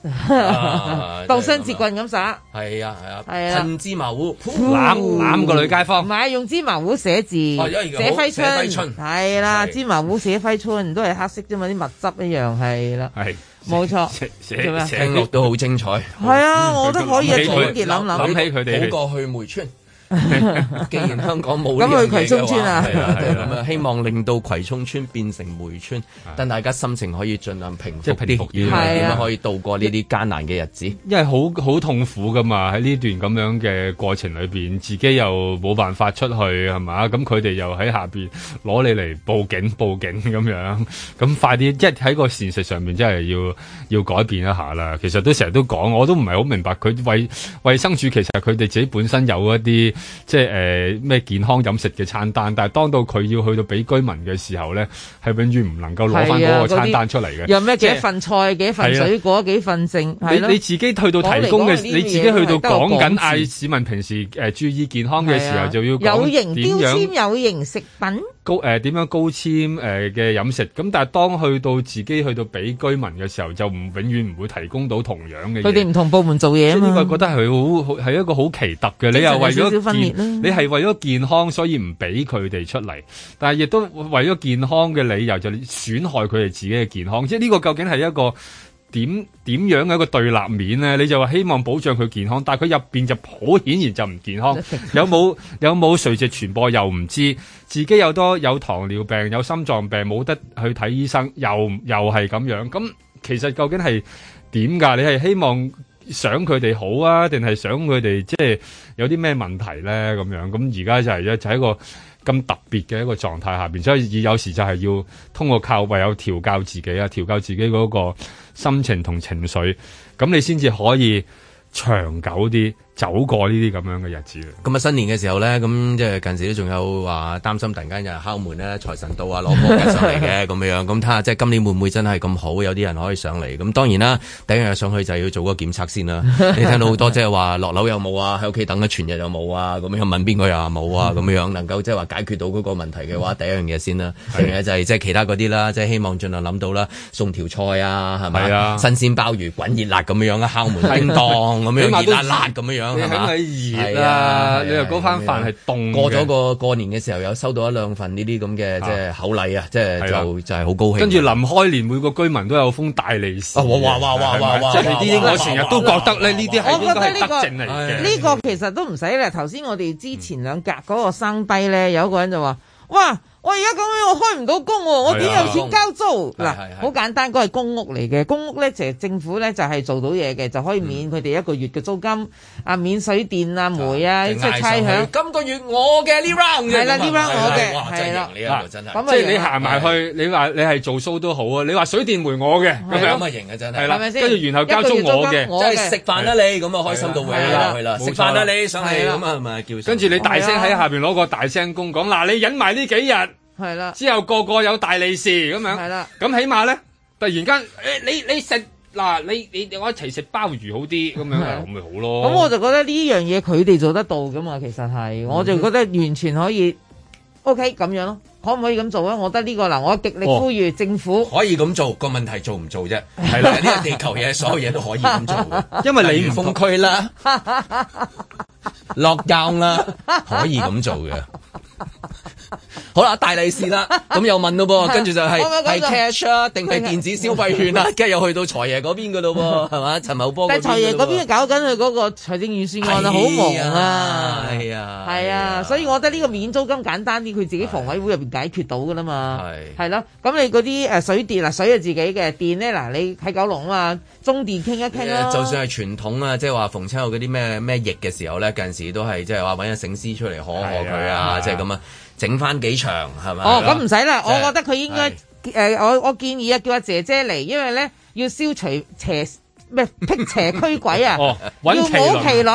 當雙截棍咁耍。係啊係啊。係啊。噴芝麻糊，攬攬個女街坊。唔係，用芝麻糊寫字，寫揮春。係啦，芝麻糊寫揮春都係黑色啫嘛，啲墨汁一樣係啦。係。冇錯，聽落都好精彩。係、嗯、啊，嗯、我都可以再諗諗諗起佢哋好過去梅村。 既然香港冇，咁去葵涌村啊？咁啊，的的希望令到葵涌村變成梅村，等的大家心情可以盡量平復啲，係平復點的樣可以度過呢啲艱難嘅日子？因為好好痛苦噶嘛，喺呢段咁樣嘅過程裏邊，自己又冇辦法出去，係嘛？咁佢哋又喺下邊攞你嚟報警，報警咁樣，咁快啲！即係喺個現實上面真要，真係要要改變一下啦。其實都成日都講，我都唔係好明白，佢衛衛生署其實佢哋自己本身有一啲。即係誒咩健康飲食嘅餐單，但係當到佢要去到俾居民嘅時候咧，係永遠唔能夠攞翻嗰個餐單出嚟嘅。啊、有咩幾份菜，幾份水果，就是、幾份剩。你你自己去到提供嘅，你自己去到講緊嗌市民平時誒、呃、注意健康嘅時候，啊、就要有型標籤，樣有型食品。高誒點、呃、樣高纖誒嘅、呃、飲食，咁但係當去到自己去到俾居民嘅時候，就唔永遠唔會提供到同樣嘅嘢。佢哋唔同部門做嘢，所以呢個覺得係好係一個好奇特嘅理由。你又為咗健，你係為咗健康，所以唔俾佢哋出嚟，但係亦都為咗健康嘅理由就損害佢哋自己嘅健康，即係呢個究竟係一個。點點樣嘅一個對立面呢？你就話希望保障佢健康，但係佢入邊就好顯然就唔健康。 有冇有冇垂直傳播又唔知？自己有多有糖尿病、有心臟病，冇得去睇醫生，又又係咁樣。咁其實究竟係點噶？你係希望想佢哋好啊，定係想佢哋即係有啲咩問題呢？咁樣咁而家就係、係、一就係、一個。咁特別嘅一個狀態下面，所以有時就係要通過靠唯有調教自己啊，調教自己嗰個心情同情緒，咁你先至可以長久啲。走過呢啲咁樣嘅日子，咁啊新年嘅時候咧，咁即係近時都仲有話、啊、擔心突然間又敲門咧，財神到啊，攞上嚟嘅咁樣。咁睇下即係今年會唔會真係咁好，有啲人可以上嚟。咁當然啦，第一日上去就要做個檢測先啦、啊。你聽到好多即係話落樓有冇啊？喺屋企等咗全日有冇啊？咁又問邊個又話冇啊？咁、嗯、樣能夠即係話解決到嗰個問題嘅話，嗯、第一樣嘢先、啊、的啦。第二就係即係其他嗰啲啦，即係希望盡量諗到啦，送條菜啊，係咪？啊的！新鮮鮑魚滾熱辣咁樣敲門叮噹咁樣熱辣辣咁樣樣。 你響係熱啊！你又嗰番飯係凍過咗個過年嘅時候，有收到一兩份呢啲咁嘅即係口禮啊！即係就、啊、就係好高興。跟住臨開年每個居民都有封大利是、啊。哇哇哇哇哇哇哇，哇，哇，哇！即係啲我成日都覺得咧，呢啲係呢個德政嚟嘅。呢個其實都唔使咧。頭先我哋之前兩格嗰個生低咧，有一個人就話：哇！我而家咁樣，我開唔到工喎，我點有錢交租？嗱，好簡單，嗰係公屋嚟嘅，公屋咧就係政府咧就係做到嘢嘅，就可以免佢哋一個月嘅租金，啊免水電啊煤啊，即係差餉。今個月我嘅呢 round 嘅，係啦，呢 round 我嘅，係啦。咁啊，你行埋去，你話你係做 show 都好啊，你話水電煤我嘅，咁啊型啊？真係，跟住然後交租我嘅，即係食飯啦你，咁啊開心到㗎，係啦，食飯啦你想係咁啊咪叫。跟住你大聲喺下邊攞個大聲公講，嗱你忍埋呢幾日。係啦，是之後個個有大利是咁樣，係啦的，咁起碼咧，突然間誒、欸，你你食，嗱，你、啊、你，你我一齊食鮑魚好啲咁樣，咁咪的好咯。咁我就覺得呢樣嘢佢哋做得到噶嘛，其實係，我就覺得完全可以、嗯、，OK 咁樣咯，可唔可以咁做啊？我覺得呢個嗱，我極力呼籲政府、哦、可以咁做，個問題做唔做啫。係啦， 呢、這個地球嘢，所有嘢都可以咁做， 因為你唔封區啦。 落價啦，可以咁做嘅。 好啦，大利是啦，咁又問咯噃，跟住就係係 cash 啊，定係 電子消費券啦？跟住又去到財爺嗰邊噶咯噃，係嘛？ 陳茂波。但係財爺嗰邊搞緊佢嗰個財政預算案啊，好、哎、呀忙啊，係、哎、呀啊，係啊、哎呀，所以我覺得呢個免租金簡單啲，佢自己房委會入邊解決到噶啦嘛，係係咯。咁你嗰啲誒水電，水電啊，水係自己嘅，電咧嗱，你喺九龍啊嘛。中電傾一傾咯，就算係傳統啊，即係話逢親有嗰啲咩咩疫嘅時候咧，近時都係即係話揾個醒獅出嚟可嚇佢啊，即係咁啊，整翻幾場係咪？哦，咁唔使啦，啊、我覺得佢應該誒，我、啊呃、我建議啊，叫阿姐姐嚟，因為咧要消除邪，咩辟邪驅鬼啊？要舞麒麟，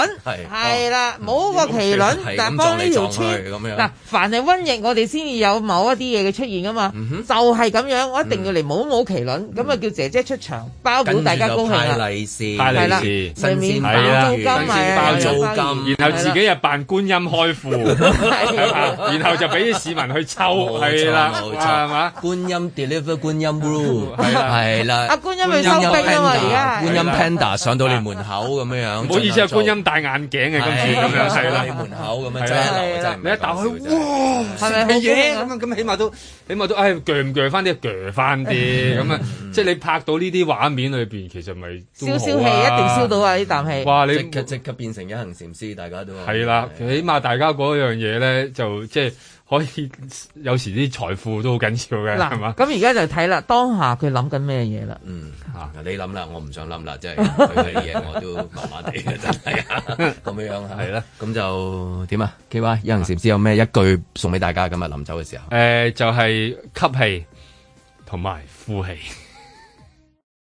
係啦，舞個麒麟。嗱，幫呢條村。嗱，凡係瘟疫，我哋先至有某一啲嘢嘅出現噶嘛。就係咁樣，我一定要嚟舞舞麒麟，咁啊叫姐姐出場，包保大家高興啦。派利是，係啦，新年爆金，新年爆租金，然後自己又扮觀音開庫，然後就俾啲市民去抽，係啦，冇錯係嘛。觀音 deliver 觀音 rule 係啦。阿觀音去收兵啊嘛，而家。嗯、Panda 上到你門口咁樣樣，唔好意思啊！觀音戴眼鏡嘅、啊、今次咁樣，係啦 對，你門口咁樣係流，你一打開，哇！食咩嘢咁咁？起碼都起碼都唉鋸唔鋸翻啲鋸翻啲咁啊！哎、鑦鑦即係你拍到呢啲畫面裏邊，其實咪消消氣一定消到啊！呢啖氣哇！你即即刻變成一行禪師，大家都係啦。啊、起碼大家嗰樣嘢咧，就即係。可以有時啲財富都好緊要嘅，係嘛喏？咁而家就睇啦，當下佢諗緊咩嘢啦？嗯，吓、啊、你諗啦，我唔想諗啦，即係佢嘅嘢我都麻麻地，真係咁樣係啦。咁吧就點啊？K Y 有人知唔知有咩是一句送俾大家咁啊？今日臨走嘅時候，誒、呃、就係、是、吸氣同埋呼氣。